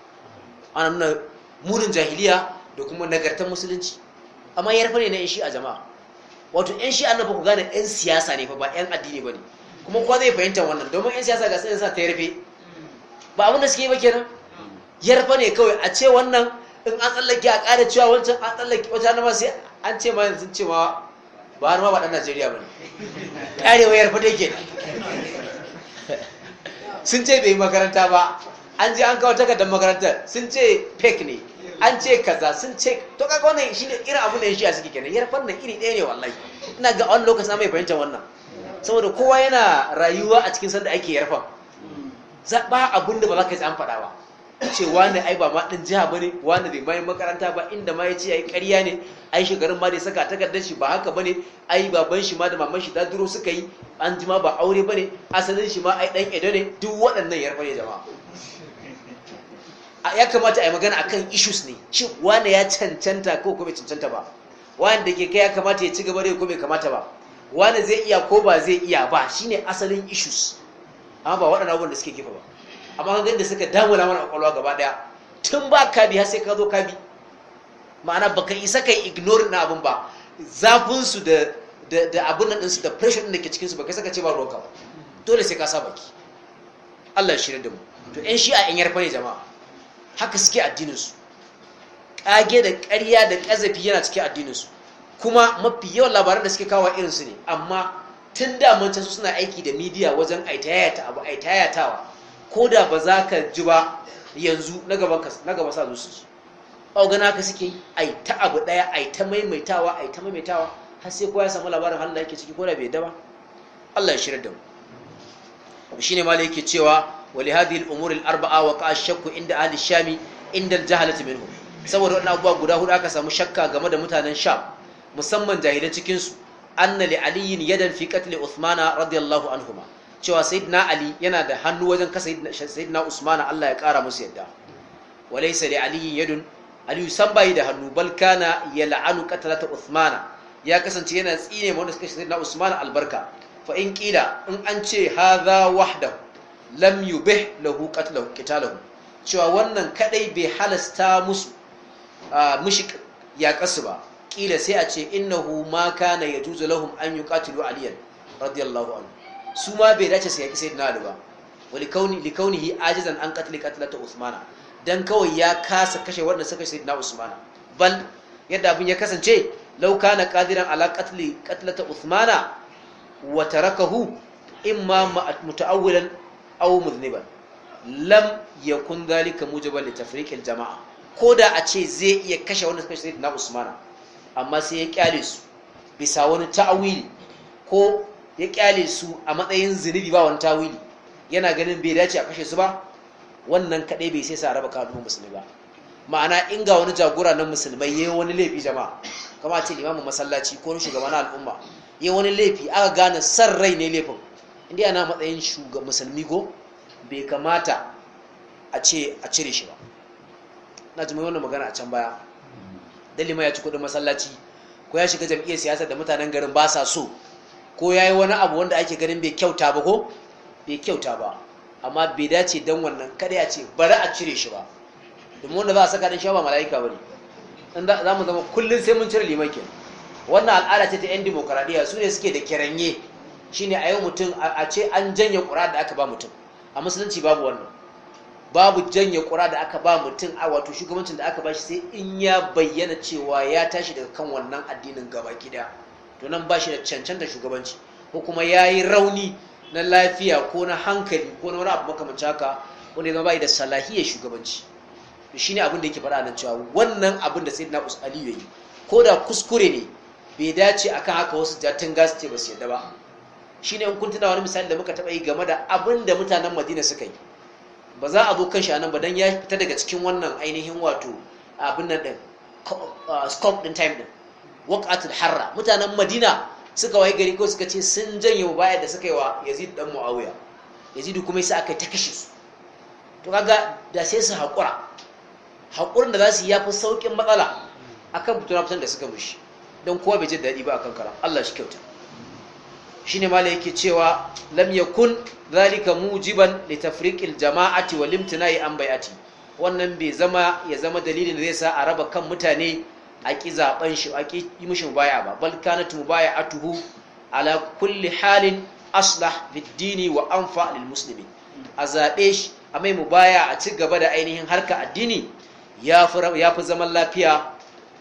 ana nuna murin jahiliya da kuma nagartar musulunci amma ya rufe ne na yan a jama'a wato yan shi'a na ku gane yan siyasa ne fa ba yan addini ba ne kuma kowa zai fahimta wannan domin yan siyasa ga sai sa ta yarfe ba abin da suke yi ba kenan yarfa ne kawai a ce wannan in an tsallake a ƙara cewa wancan an tsallake wata na sai an ce ma yanzu ce ba har ma ba ɗan najeriya ba ne ƙarewa yarfa dai kenan sun ce bai makaranta ba an je an kawo takardar makarantar sun ce fake ne an ce kaza sun ce to kaga wannan shi ne irin abu da shi a suke kenan yar fannin iri ɗaya ne wallahi ina ga wani lokaci lokacin mai fahimtar wannan saboda kowa yana rayuwa a cikin sanda ake yarfan ba abun da ba za ka yi an faɗa ba ce wani ai ba ma ɗin jiha ba ne wani bai mai makaranta ba inda ma ya ce ai ƙarya ne ai shekarun ma da ya saka takardar shi ba haka ba ne ai baban shi ma da maman shi ta duro suka yi an ji ma ba aure ba ne asalin shi ma ai ɗan edo ne duk waɗannan ba ne jama'a ya kamata a yi magana akan issues ne shi wani ya cancanta ko kuma bai cancanta ba wani da ke kai ya kamata ya ci gaba da ko bai kamata ba wani zai iya ko ba zai iya ba shine asalin issues amma ba waɗannan abubuwan da suke gefe ba amma ka da suka damu mana kwakwalwa gaba daya tun ba ka bi har sai ka zo ka bi ma'ana baka isa ka ignore na abin ba zafin su da da da abin nan su da pressure ɗin da ke cikin su ka saka ce ba roka ba dole sai ka sa baki Allah shi da mu to shi shi'a yan yarfa ne jama'a haka suke addininsu ƙage da ƙarya da ƙazafi yana ciki addininsu kuma mafi yawan labaran da suke kawo irin su ne amma tun da mun suna aiki da midiya wajen aitayata abu aitayatawa ko da ba za ka ji ba yanzu na gaba sa zuci. ba gana ka suke ai ta abu daya, ai ta maimaitawa ai ta maimaitawa har sai kowa ya samu labarin halin da yake ciki ko da bai daba Allah ya shirya da mu shi ne malai yake cewa wali hadhihi al al-arba'a wa qa'a shakku inda ahli shami inda al-jahalati minhu saboda wannan abuwa guda hudu aka samu shakka game da mutanen sham musamman jahilan cikin su anna li aliyin yadan fi qatl uthmana radiyallahu anhuma cewa sayyidina ali yana da hannu wajen kasa sayyidina usman Allah ya kara musu yadda walaysa li ali yadun Aliyu san bai da hannu Balkana ya la'anu qatlata usman ya kasance yana tsine ma wanda suka sayyidina usman albarka fa in kila in an ce hadha wahdahu lam yubih lahu qatlahu qitalahu cewa wannan kadai bai halasta musu mushi ya kasu ba kila sai a ce innahu ma kana yajuzu lahum an yuqatilu aliyan radiyallahu anhu su ma bai dace su yaki sayyidina ali ba wali kaunihi ajizan an qatl qatlata usmana dan kawai ya kasa kashe wanda suka sayyidina usmana bal yadda abin ya kasance law kana qadiran ala qatl qatlata usmana wa tarakahu imma muta'awwilan aw mudhniban lam yakun dhalika mujiban li tafriq al jama'a koda a ce zai iya kashe wanda suka sayyidina usmana amma sai ya kyale su bisa wani ta'awili ko ya kyale su a matsayin zunubi ba wani tawili yana ganin bai dace a kashe su ba wannan kadai bai sai sa raba kanun musulmi ba ma'ana in ga wani jagora na musulmai yayi wani laifi jama'a kama ce limamin masallaci ko shugaba na al'umma yayi wani laifi aka gane san rai ne laifin inda yana matsayin shugaban musulmi go bai kamata a ce a cire shi ba na ji mai wannan magana a can baya dalima ya ci kudin masallaci ko ya shiga jam'iyyar siyasa da mutanen garin ba sa so ko ya yi wani abu wanda ake ganin bai kyauta ba ko bai kyauta ba amma bai dace don wannan kada ya ce bari a cire shi ba domin wanda za a saka ɗin shi ba mala'ika ba ne za mu zama kullum sai mun cire limanke wannan al'ada ce ta 'yan demokaradiyya su ne suke da kiranye ne a yau mutum a ce an janye ƙura da aka ba mutum a musulunci babu wannan babu janye ƙura da aka ba mutum a wato shugabancin da aka ba shi sai in ya bayyana cewa ya tashi daga kan wannan addinin gaba gida to nan ba shi da cancanta shugabanci ko kuma ya yi rauni na lafiya ko na hankali ko na wani abu makamanci haka wanda ya zama bai da salahiyar shugabanci to ne abin da yake faɗa nan cewa wannan abin da sayyidina aliyu ya yi ko da kuskure ne bai dace akan haka wasu jatin gas ce ba su yadda ba ne in kun tuna wani misali da muka taɓa yi game da abin da mutanen Madina suka yi ba za a zo kan shi ba don ya fita daga cikin wannan ainihin wato abin nan din uh, scope din time din waqatul harra mutanen madina suka waye gari ko suka ce sun janye baya da suka yi wa yazid dan muawiya yazid kuma yasa aka ta kashe su to kaga da sai su hakura haƙurin da za su yi yafi saukin matsala akan butunafitan da suka mushi don kowa bai ji daɗi ba akan karam Allah shi kyauta shine mala yake cewa lam yakun zalika mujiban li tafriqil jama'ati wal imtina'i an bai'ati wannan bai zama ya zama dalilin da zai sa a raba kan mutane aki zaben shi aki yi mishi mubaya ba bal kanat atuhu ala kulli halin aslah bid-dini wa anfa lil muslimin a zabe shi a mai mubaya a ci gaba da ainihin harka addini ya fi zaman lafiya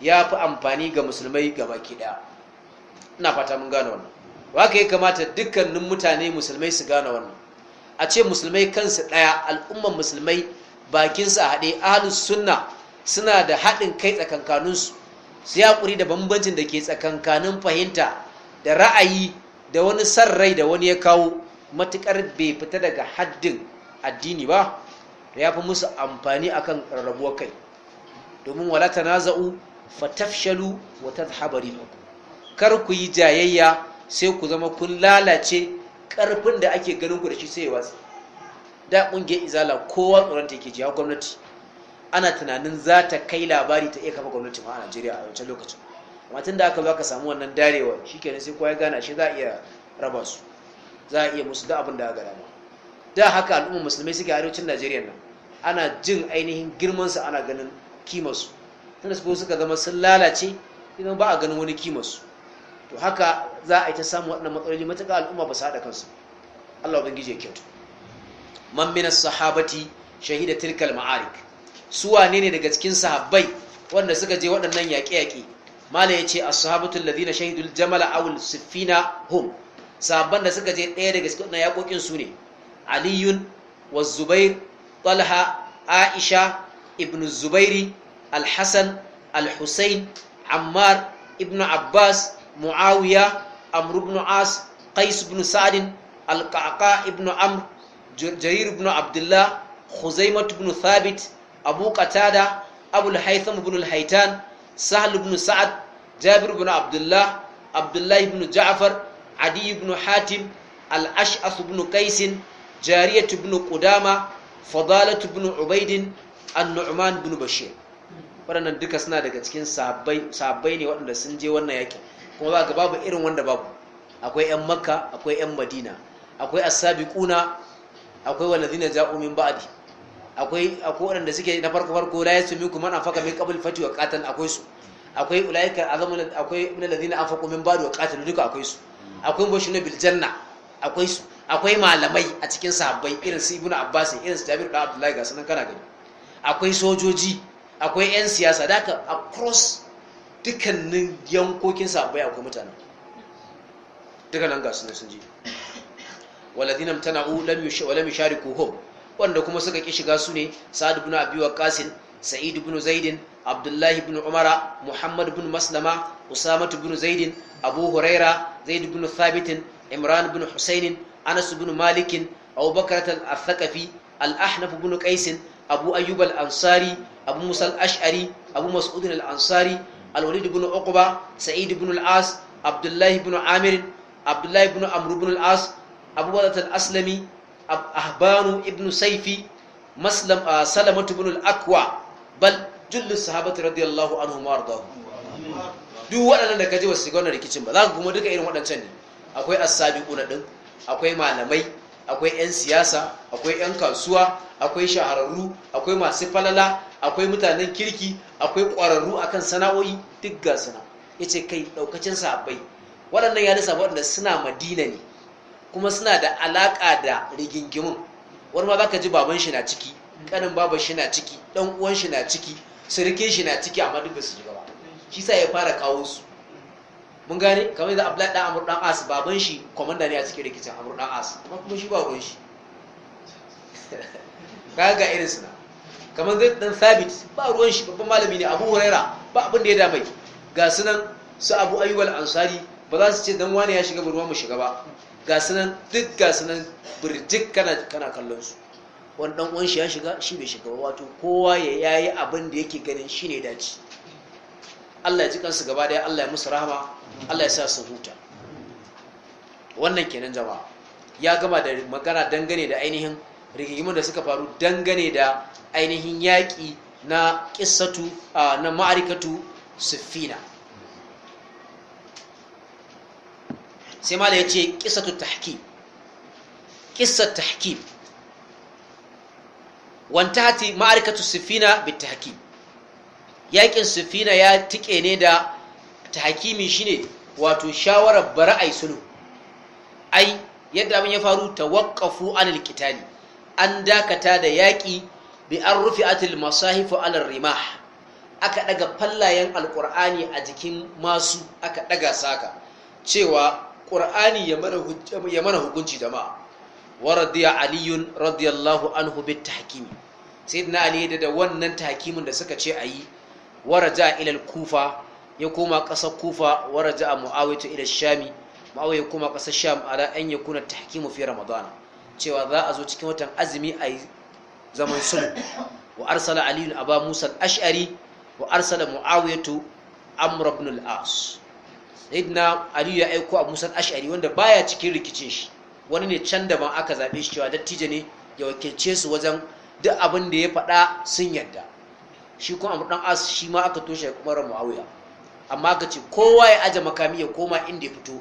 ya fi amfani ga musulmai gaba ki daya ina fata mun gane wannan waka ya kamata dukkanin mutane musulmai su gane wannan a ce musulmai kansu daya al'ummar musulmai bakinsu a haɗe ahlus sunna suna da haɗin kai tsakankaninsu su yi haƙuri da bambancin da ke tsakankanin fahimta da ra'ayi da wani san rai da wani ya kawo matuƙar bai fita daga haddin addini ba ya fi musu amfani akan rarrabuwar kai domin wala ta tanaza'u fatafshalu habari habari kar ku yi jayayya sai ku zama kun lalace karfin da ake ganin ku da shi sai ya watsi da ƙungiyar izala kowa tsoron ta ke jiya gwamnati ana tunanin za ta kai labari ta iya kafa gwamnati ma a najeriya a wancan lokacin amma tun da aka zo aka samu wannan darewa shi kenan sai kowa ya gana shi za a iya raba su za a iya musu da abin da aka dama da haka al'ummar musulmai suke arewacin najeriya nan ana jin ainihin girmansu ana ganin kimarsu tunda su suka zama sun lalace idan ba a ganin wani kimarsu to haka za a yi ta samu waɗannan matsaloli matuƙa al'umma ba su haɗa kansu allah ubangiji ya kyautu man minas sahabati shahida tilkal ma'arik su wane ne daga cikin sahabbai wanda suka je waɗannan yaƙe-yaƙe mala ya ce sahabatun ladina shahidul jamala awul sifina hum sahabban da suka je ɗaya daga cikin waɗannan yaƙoƙin su ne aliyun wa zubair ɗalha aisha ibn zubairi alhassan alhusain ammar ibn abbas muawiya amr ibn as qais ibn sa'adin alqaqa ibn amr jarir ibn abdullah khuzaimah ibn thabit abu qatada abul haytham ibn al-haytan sahl ibn sa'ad jabir ibn abdullah abdullah ibn ja'far adi ibn hatim al-ash'ath ibn qais jariyah ibn qudama fadalah ibn ubayd an-nu'man ibn bashir waɗannan duka suna daga cikin sabbai ne waɗanda sun je wannan yaƙi, kuma za ga babu irin wanda babu akwai 'yan makka akwai 'yan madina akwai asabi kuna akwai walazina ja'u min ba'di akwai akwai da suke na farko farko la yasu minkum man afaka min qabl fati wa qatal akwai su akwai ulaika azamul akwai min alladhina afaku min ba'd wa qatal duka akwai su akwai bashuna bil janna akwai su akwai malamai a cikin sahabbai irin su ibnu abbas irin su jabir da abdullahi ga sunan kana gani akwai sojoji akwai yan siyasa da haka across dukkanin yankokin sahabbai akwai mutane dukkanin ga sunan sun ji waladina mtana'u lam yushariku hum wanda kuma suka ki shiga su ne sa'ad ibn abi waqqas sa'id ibn zaidin Abdullahi ibn umara muhammad ibn maslama usama ibn zaidin abu huraira zaid ibn thabit imran ibn husayn anas ibn malik abubakar al-thaqafi al-ahnaf ibn qais abu ayyub al-ansari abu musa al-ash'ari abu mas'ud al-ansari al-walid ibn uqba sa'id ibn al-as abdullahi ibn amir Abdullahi ibn amr ibn al-as abu wadat al-aslami ahbanu ibn saifi maslam uh, salamatu ibn al-akwa bal jullu sahabatu radiyallahu anhu wa duk waɗannan da kaji wasu gona rikicin ba za ku kuma duka irin waɗancan ne akwai assabi ɗin akwai malamai akwai 'yan siyasa akwai 'yan kasuwa akwai shahararru akwai masu falala akwai mutanen kirki akwai ƙwararru akan sana'o'i duk ga suna ya ce kai ɗaukacin sahabbai waɗannan ya nisa waɗanda suna madina ne kuma suna da alaƙa da rigingimin wani ma baka ji baban shi na ciki kanin baba shi na ciki dan uwan shi na ciki sirke shi na ciki amma duk ba su ji ba shi sa ya fara kawo su mun gane kamar da Abdullahi dan Amr dan As baban shi komanda ne a cikin rikicin Amr dan As amma kuma shi ba ruwan shi ga irin suna kamar zai dan Thabit ba ruwan shi babban malami ne Abu Huraira ba abin da ya dame ga sunan su Abu Ayyub al-Ansari ba za su ce dan wani ya shiga ba ruwan mu shiga ba gasunan duk gasunan birjik kana kana kallon su wani dan shi ya shiga shi bai shiga wato kowa ya yayi abin da yake ganin shine dace Allah ya ji kansu gaba daya Allah ya musu rahama Allah ya sa su huta wannan kenan jama'a ya gama da magana dangane da ainihin rigigimin da suka faru dangane da ainihin yaƙi na kisatu na ma'arikatu sufina sai mala ya ce ƙisatu tahkim ƙisar tahkim wanta hati ma'arikatu sufina bi tahkim yaƙin sufina ya tike ne da tahkimi shine wato shawarar bara'ai sulhu ai yadda abin ya faru tawaqqafu anil qitali an dakata da yaƙi bi an rufe masu masahifu alar rimah aka ɗaga fallayen alkur'ani a jikin masu aka ɗaga saka cewa ƙur'ani ya mana hukunci jama'a wa radiya aliyun radiyallahu anhu bit tahkimi na ali da wannan tahkimin da suka ce ayi wa raja ila kufa ya koma ƙasar kufa wa raja muawiyatu ila shami muawiya kuma ƙasar sham ala an yakuna tahkimu fi ramadana cewa za a zo cikin watan azumi ayi zaman sulhu wa arsala aliyun aba musa al-ash'ari wa arsala muawiyatu amr as sayyidina Aliyu ya aiko a musan ash'ari wanda baya cikin rikicin shi wani ne can da ba aka zabe shi cewa dattijo ne ya wakilce su wajen duk abin da ya faɗa sun yadda shi kuma amur dan as shi ma aka toshe mara muawiya amma ka ce kowa ya aje makami ya koma inda ya fito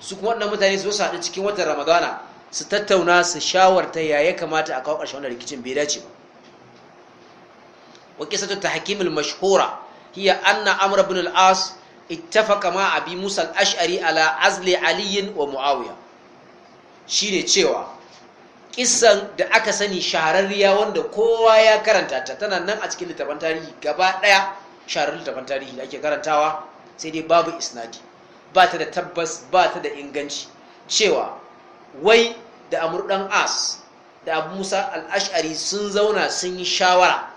su kuma waɗannan mutane su haɗu cikin watan ramadana su tattauna su shawarta ya ya kamata a kawo ƙarshen wannan rikicin bai dace ba wa qisatu ta Hakimul mashhura hiya anna amr ibn al as itafa ma abi musa al-ash'ari ala azli ali wa muawiya shine cewa kissan da aka sani shahararriya wanda kowa ya karanta ta tana nan a cikin littafin tarihi gaba daya shahararrun littafin tarihi da ake karantawa sai dai babu isnadi ba ta da tabbas ba ta da inganci cewa wai da amurdan as da abu musa al'ashari sun zauna sun yi shawara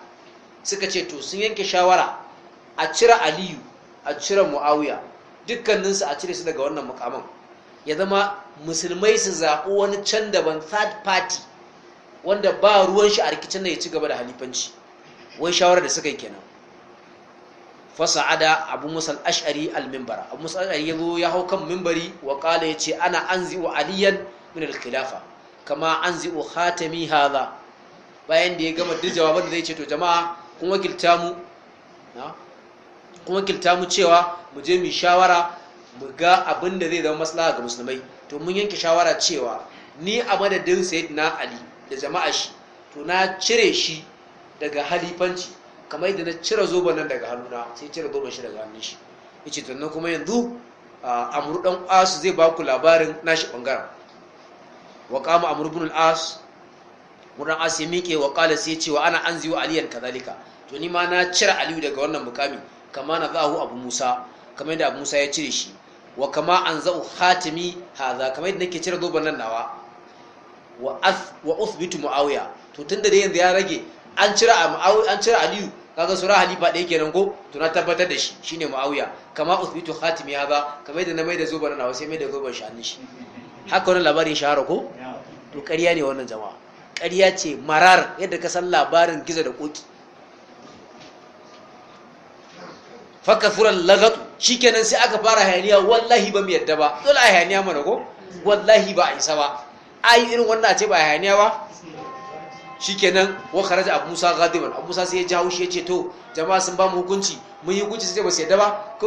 suka ce to sun yanke shawara a cira aliyu a cire muawiya dukkaninsu a cire su daga wannan mukamman ya zama musulmai su zaɓi wani can daban third party wanda ba ruwan shi a rikicin da ya ci gaba da halifanci wai shawarar da suka yi kenan fasa'ada abu musal ash'ari al-mimbara abu musal ash'ari ya zo ya hau kan mimbari wa kala ya ce ana an anzi'u aliyan min al-khilafa kama an anzi'u khatami hadha bayan da ya gama duk wanda zai ce to jama'a kun wakilta mu Kuma kilta mu cewa mu je mu shawara mu ga abin da zai zama maslaha ga musulmai to mun yanke shawara cewa ni a madadin na ali da jama'a shi to na cire shi daga halifanci kamar yadda na cire zoban nan daga hannuna sai cire zoban shi daga hannun shi yace to nan kuma yanzu amru dan asu zai ba ku labarin nashi bangaren wa qama amru ibn al-as mudan as ya wa qala sai cewa ce wa ana anzi wa aliyan kadalika to ni ma na cire aliyu daga wannan mukami kama na za'ahu abu musa kamar yadda abu musa ya cire shi wa kama an za'u hatimi haza kamar yadda nake cire zoben nan nawa wa uthbitu muawiya to tun dai yanzu ya rage an cire an cira aliyu kaga sura halifa ɗaya kenan ko to na tabbatar da shi shine muawiya kama uthbitu hatimi haza kamar yadda na mai da zoben nawa sai mai da zoben shi hannun shi haka wani labarin shahara ko to ƙarya ne wannan jama'a ƙarya ce marar yadda ka san labarin gizo da koki fakafuran lagatu shikenan sai aka fara hayaniya wallahi ba mu yadda ba dole ai hayaniya mana ko wallahi ba a isa ba ai irin wannan a ce ba hayaniya ba shikenan wa kharaja abu musa ghadiban abu musa sai ya jawo shi yace to jama'a sun ba mu hukunci mun yi hukunci sai ba su yadda ba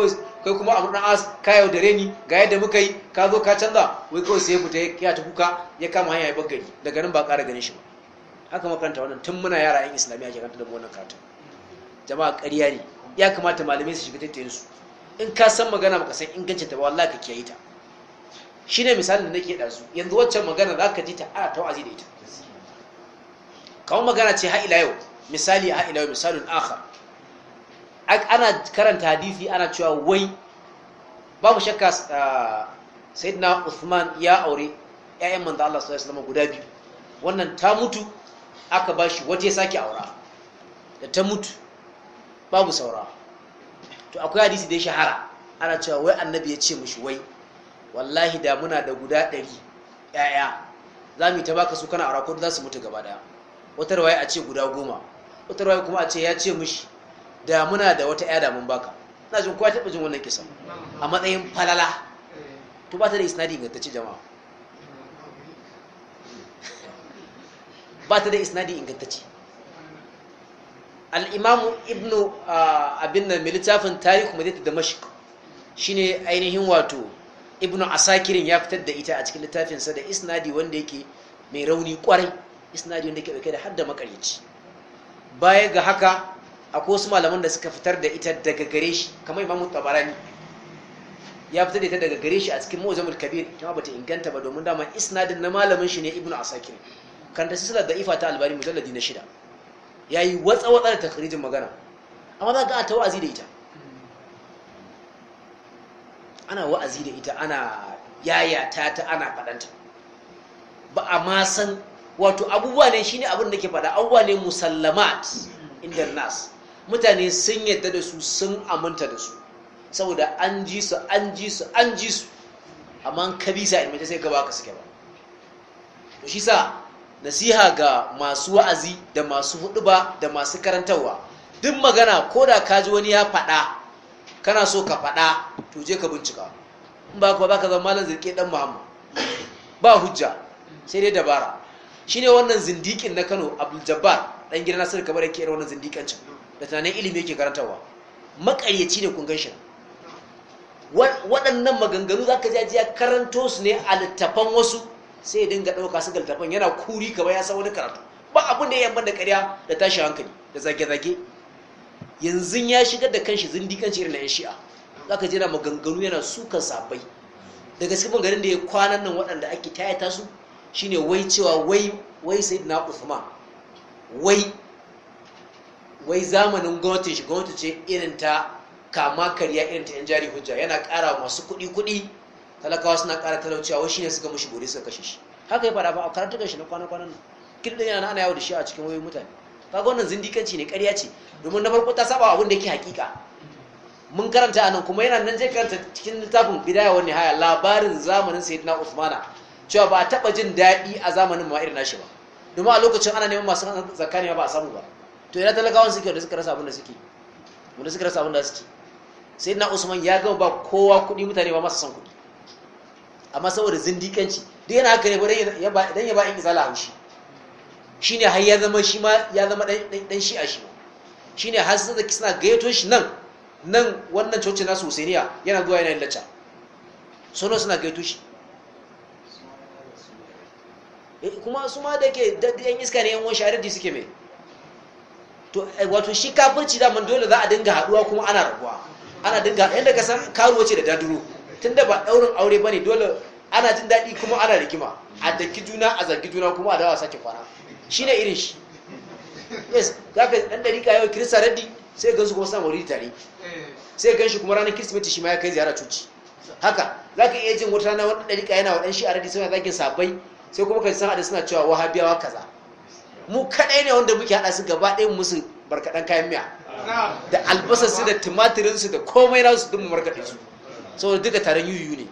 kai kuma abu dan as ka yaudare ni ga yadda muka yi ka zo ka canza wai kawai sai fita ya ta kuka ya kama hanya ya bagari daga nan ba ƙara ganin shi ba haka makaranta wannan tun muna yara yan islamiyya ke kanta da wannan karatu jama'a ƙarya ne ya kamata malamai su shiga tattayinsu. in ka san magana ka san ingancin ta ba wallahi ka kiyaye ta shine misalin da nake da su yanzu waccan magana za ka ji ta ana tawazi da ita kawai magana ce ha ila yau misali ha ila yau misalin akhar ana karanta hadisi ana cewa wai babu shakka ah, sayyidina Uthman ya aure ƴaƴan manzo Allah sallallahu alaihi guda biyu wannan ta mutu aka bashi waje sake aura da ta mutu babu saura to akwai hadisi da ya shahara ana cewa wai annabi ya ce mushi wai wallahi da muna da guda ɗari ‘ya'ya za mu yi ta baka su kana a rakon za su mutu gaba daya wata rawaya a ce guda goma wata rawaya kuma a ce ya ce mushi da muna da wata ‘ya mun baka na jin kowa taɓa jin wannan kisan a matsayin falala to ba ta da isnadi ingantacce jama'a ba ta da isnadi ingantacce al'imamu ibnu abin nan mai littafin tarihi kuma zai da damashik shi ne ainihin wato ibnu asakirin ya fitar da ita a cikin littafinsa da isnadi wanda yake mai rauni kwarai isnadi wanda yake ɗauke da har da makarici baya ga haka akwai wasu malaman da suka fitar da ita daga gare shi kamar imamu tabarani ya fitar da ita daga gare shi a cikin mawazamul kabir kuma bata inganta ba domin dama isnadin na malamin shi ne ibnu asakirin kan da sisila da ifa ta albari mujalladi na shida ya yi watsa-watsa da takarijin magana amma za ka ta wa'azi da ita ana wa'azi da ita ana yayata ta ana faɗanta ba a ma san wato abubuwa ne shi ne abin da ke faɗa abubuwa ne musallamat inda nas mutane sun yadda da su sun aminta da su saboda an ji su an ji su an ji su amma kabisa ilmai sai ka ba ka suke ba to shi sa nasiha ga masu wa'azi da masu huduba da masu karantarwa duk magana ko da ka ji wani ya faɗa kana so ka faɗa to je ka bincika in ba ka ba ka zama malam zirke dan muhammad ba hujja sai dai dabara shine wannan zindikin na Kano Abdul Jabbar dan gidan Nasir kamar yake irin wannan zindikancin da tunanin ilimi yake karantarwa, makaryaci ne kun ganshi waɗannan maganganu ka ji ya karanto su ne a littafan wasu sai ya dinga ɗauka su galtafan yana kuri ka ya san wani karatu ba abin da ya yamban da ƙarya da tashi hankali da zage-zage yanzu ya shigar da kanshi zindikanci irin na 'yan shi'a za ka jira maganganu yana suka sabai daga cikin garin da ya kwanan nan waɗanda ake tayata su shine wai cewa wai wai sai na uthman wai zamanin gwamnatin shi gwamnati ce irin ta kama karya irin ta yan jari hujja yana ƙara masu kuɗi kuɗi talakawa suna ƙara talaucewa wai shine suka mushi bore suka kashe shi haka ya faɗa ba a karanta shi na kwana-kwanan Kin kirɗin yana ana yawo da shi a cikin wayoyin mutane kaga wannan zindikanci ne ƙarya ce domin na farko ta saba abin da yake hakika mun karanta a nan kuma yana nan je karanta cikin littafin bidaya wani haya labarin zamanin sayyidina usmana cewa ba a taɓa jin daɗi a zamanin ma irin nashi ba domin a lokacin ana neman masu zakani ba a samu ba to yana talakawa suke da suka rasa abin da suke wanda suka rasa abin da suke sayyidina usman ya gama ba kowa kuɗi mutane ba masu son kuɗi amma saboda zindikanci duk yana haka ne ba dan ya ba in isala haushi shine har ya zama shi ma ya zama dan shi a shi shine har sun zaki suna gayyato shi nan nan wannan coci nasu Husainiya yana zuwa yana lacca sono suna gayyato shi eh, kuma su ma da ke yan iska ne yan wani shahararri suke mai eh, wato shi kafirci man dole za a dinga haduwa kuma ana rabuwa ana dinga yadda ka san karuwa ce da daduro tunda ba daurin aure bane dole ana jin daɗi kuma ana rigima a daki juna a zargi juna kuma a dawa sake kwana Shi ne irin shi yes za ka ɗan dariƙa yau kirista raddi sai gan su kuma suna wuri tare sai gan shi kuma ranar kirsimeti shi ma ya kai ziyara cuci haka za ka iya jin wata rana wani dariƙa yana waɗan shi a raddi suna zagin sabai sai kuma kan san haɗa suna cewa wahabiyawa kaza mu kaɗai ne wanda muke haɗa su gaba ɗaya musu barkaɗan kayan miya da albasa su da su da komai nasu dun markaɗe su saboda duka taron yuyu ne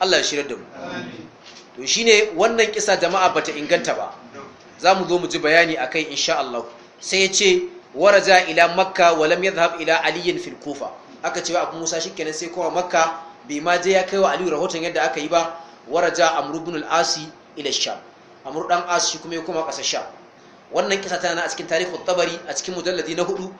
Allah ya shirar da mu to shine wannan kisa jama'a bata inganta ba zamu zo mu ji bayani akai insha Allah sai ya ce waraja ila makka wa lam yadhhab ila aliyin fil kufa aka cewa abu musa shikenan sai kowa makka bai ma je ya kai wa aliyu rahoton yadda aka yi ba waraja amr ibn al-asi ila sham amr dan as shi kuma ya koma kasar sham wannan kisa tana a cikin tarihi tabari a cikin mujalladi na hudu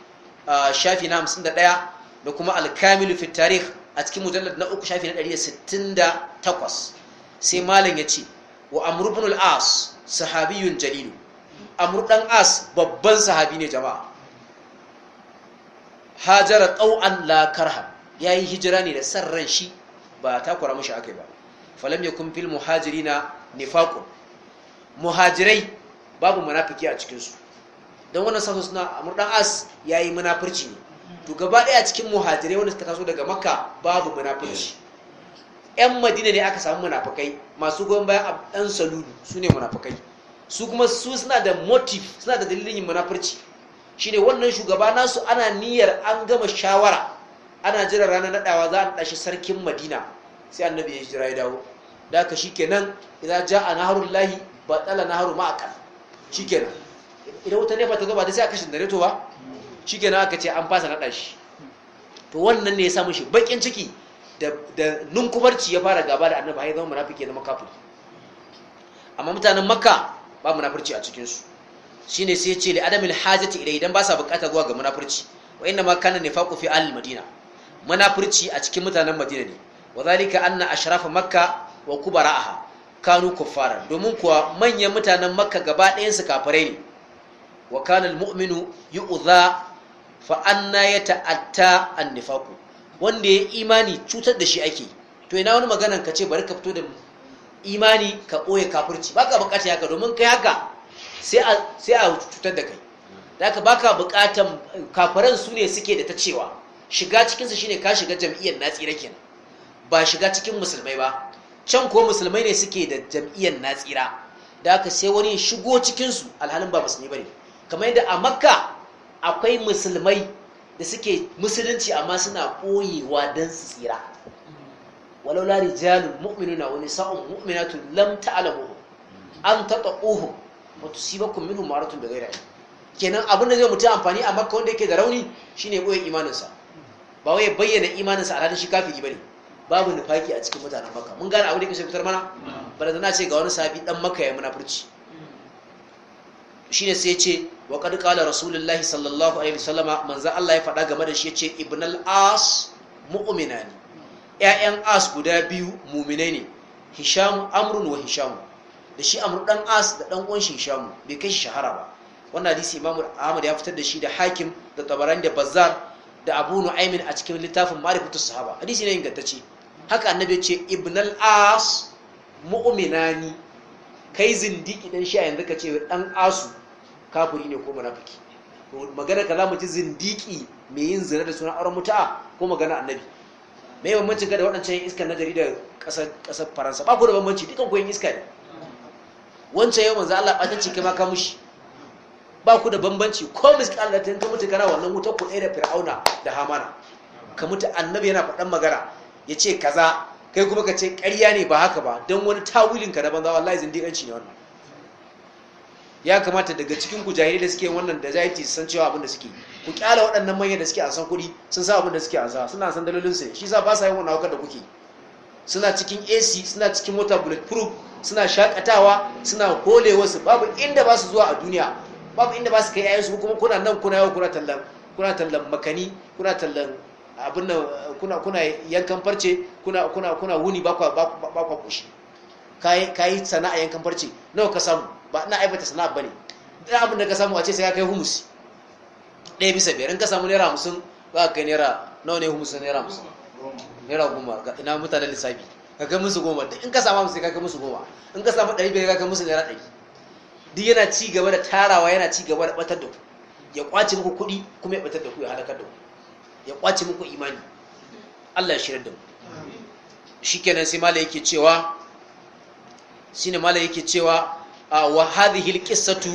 shafi na 51 da kuma alkamilu fi tarikh a cikin mujallar na uku shafi na 168 sai malam ya ce wa amru ibn as sahabiyun jalilu amru as babban sahabi ne jama'a hajara qau'an la karha yi hijira ne da san ran shi ba takura mishi akai ba falam yakun muhajiri muhajirina nifakun. muhajirai babu munafuki a cikinsu. don wannan sasu suna amru dan as yi munafurci ne to gaba daya cikin muhajirai wanda suka taso daga makka babu munafici yan madina ne aka samu munafikai masu goyon bayan dan saludu su ne munafikai su kuma su suna da motif. suna da dalilin yin munafurci shine wannan shugaba nasu ana niyyar an gama shawara ana jiran ranar nadawa za a dashi sarkin madina sai annabi ya jira ya dawo da haka shikenan idan ja'a naharul lahi batala naharu ma'akal shikenan idan wuta ne ba ta zo ba da sai a kashin dare to ba ke aka ce an fasa naɗa shi to wannan ne ya samu shi bakin ciki da ninkubarci ya fara gaba da annabi haizan munafiki na makafiri amma mutanen makka ba munafurci a cikinsu shi ne sai ce da adamin hajjati ilai idan ba sa bukata zuwa ga munafurci wa inda ma ne faƙo fi alil madina munafurci a cikin mutanen madina ne wa zalika a ashrafa makka wa kubara'aha kanu kuffara domin kuwa manyan mutanen makka gaba ɗayansu su kafirai ne wa kana al mu'minu uza. fa na ya ta'atta annifaku wanda ya imani cutar da shi ake to ina wani maganan ka ce bari ka fito da imani ka ɓoye kafirci ka bukata yaka domin kai haka sai a cutar da kai da ba baka bukatan kafiran su ne suke da ta cewa shiga cikinsa shine ka shiga jam'iyyar natsira kenan ba shiga cikin musulmai ba can ko musulmai ne suke da jam'iyyar natsira da aka sai wani shigo cikinsu alhalin ba musulmi ba ne kamar yadda a makka akwai musulmai da suke musulunci amma suna ɓoyewa don su tsira walau la mu'minuna wani sa'un mu'minatu lam ta'lamu an tata'uhu wa tusibakum minhum maratun da ghayri kenan abin da zai mutu amfani a makka wanda yake da rauni shine boye imaninsa ba wai bayyana imaninsa a ranar shi kafiri bane babu nufaki a cikin mutanen makka mun gane abin da yake sai fitar mana barazana ce ga wani sabi dan makka ya munafurci shine sai ce wa kad qala rasulullahi sallallahu alaihi wasallam manzo Allah ya faɗa game da shi yace ibnal as mu'minani ƴaƴan as guda biyu mu'minai ne hisham amrun wa hisham da shi amru dan as da dan uwan shi hisham bai kai shi shahara ba wannan hadisi imamu ahmad ya fitar da shi da hakim da tabaran da bazzar da abu nu'aymin a cikin littafin ma'rifatu sahaba hadisi ne ingantacce haka annabi ce ibn al-as mu'minani kai zindiki dan shi a yanzu ka ce dan asu kafiri ne ko munafiki magana ka zamu ji zindiki mai yin zina da sunan auren mutu'a ko magana annabi me bambancin ga da waɗancan iska na da ƙasar faransa ba ku da bambanci dukan ku yin iska ne wancan yau manzo Allah ɓatanci kai ma ka mushi ba ku da bambanci ko miski Allah ta yanka mutu kana wannan wutar ku ɗaya da fir'auna da hamana ka mutu annabi yana faɗan magana ya ce kaza kai kuma ka ce ƙarya ne ba haka ba don wani tawilin ka na banza wallahi zindiƙanci ne wannan ya kamata daga cikin ku jahili da suke wannan da zaiti san cewa abin da suke ku kyala waɗannan manyan da suke a san kuɗi sun sa abin da suke a sa suna san dalolin su shi sa ba sa yin wannan hawkar da kuke suna cikin AC suna cikin mota bulletproof suna shakatawa suna kole su babu inda ba su zuwa a duniya babu inda ba su kai ayyansu kuma kuna nan kuna yau kuna tallan kuna tallan makani kuna tallan abin nan kuna kuna yankan farce kuna kuna kuna wuni ba ku ba ku kushi kai kai sana'a yankan farce nawa ka samu ba na aibata ba bane da abin da ka samu a ce sai ka kai humus ɗaya bisa biyar in ka samu naira hamsin za ka kai naira nawa ne humus naira hamsin naira goma ga ina mutanen lissafi ka kai musu goma in ka samu sai ka kai musu goma in ka samu ɗari biyar ka kai musu naira ɗari duk yana ci gaba da tarawa yana ci gaba da ɓatar da ku ya kwace muku kuɗi kuma ya ɓatar da ku ya halakar da ku ya kwace muku imani Allah ya shirar da mu shikenan sai malai yake cewa shine malai yake cewa wa hadhihi alqissatu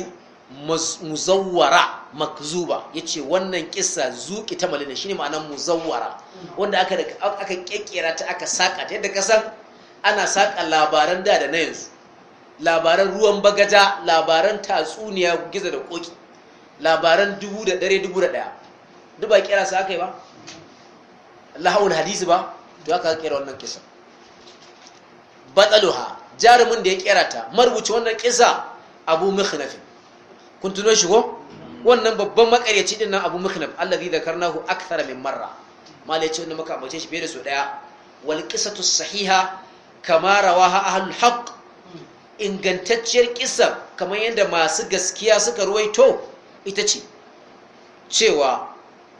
muzawwara makzuba yace wannan kissa zuki ta malina shine ma'anar muzawwara wanda aka aka kekkera ta aka saka ta yadda kasan ana saka labaran da da na yanzu labaran ruwan bagaja labaran tatsuniya giza da koki labaran dubu da dare dubu da daya duk ba kira su aka yi ba lahawun hadisi ba to aka kira wannan kisa batsaluha jarumin da ya kera ta marubuci wannan kisa abu mikhnafin kun tuno shi ko wannan babban makaryaci din nan abu mikhnaf allazi zakarnahu akthara min marra malai ce wannan muka ambace shi bai da so daya wal qisatu sahiha kama rawaha ahlul haqq ingantacciyar kisa kamar yadda masu gaskiya suka ruwaito ita ce cewa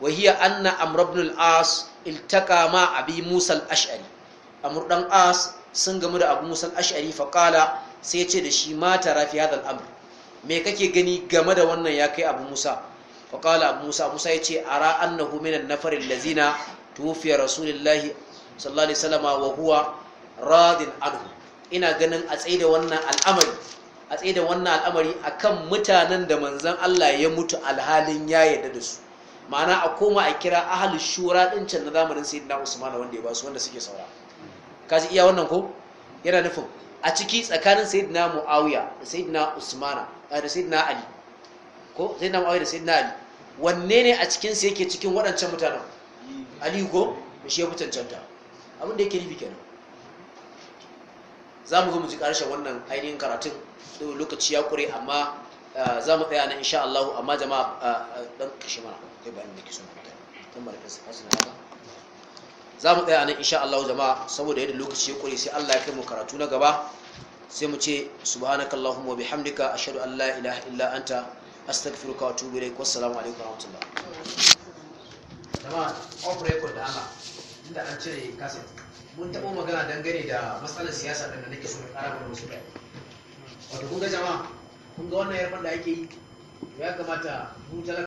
wahiya anna amr ibn al-as iltaqa ma abi musa al-ash'ari amr dan as sun gamu da abu musan ash'ari faƙala sai ce da shi mata rafi hadal amr me kake gani game da wannan ya kai abu musa faƙala abu musa musa ya ce ara annahu na farin lazina tufiya rasulullahi sallallahu alaihi wasallama wa huwa radin anhu ina ganin a tsaye wannan al'amari akan mutanen da manzon Allah ya mutu alhalin ya yarda da su ma'ana a koma a kira ahlus shura din can na zamanin sayyidina Usman wanda ya ba su wanda suke saurara kaji iya wannan ko yana nufin a ciki tsakanin sayyidina muawiya da sayyidina usmana eh, da sayyidina ali ko sayyidina muawiya da sayyidina ali wanne ne a cikin sa yake cikin waɗancan mutanen ali ko shi ya mutuncanta abin da yake nufi kenan za mu zo mu ji ƙarshen wannan ainihin karatun lokaci ya ƙure amma eh, za mu tsaya na insha Allah amma jama'a eh, ɗan kashe mana kai bayan da ke son mutane tambar barkin sa kasu na ba za mu tsaya nan insha Allah jama'a saboda yadda lokaci ya kure sai Allah ya kai mu karatu na gaba sai mu ce subhanakallahumma wa bihamdika ashhadu an la ilaha illa anta astaghfiruka wa atubu ilaik wassalamu alaikum wa rahmatullah jama'a off record da Allah inda an cire kaset mun taɓa magana dangane da matsalar siyasa ɗin da nake so na ƙara musu wasu wato kun ga jama'a kun ga wannan yarfan da ake yi ya kamata mu talaka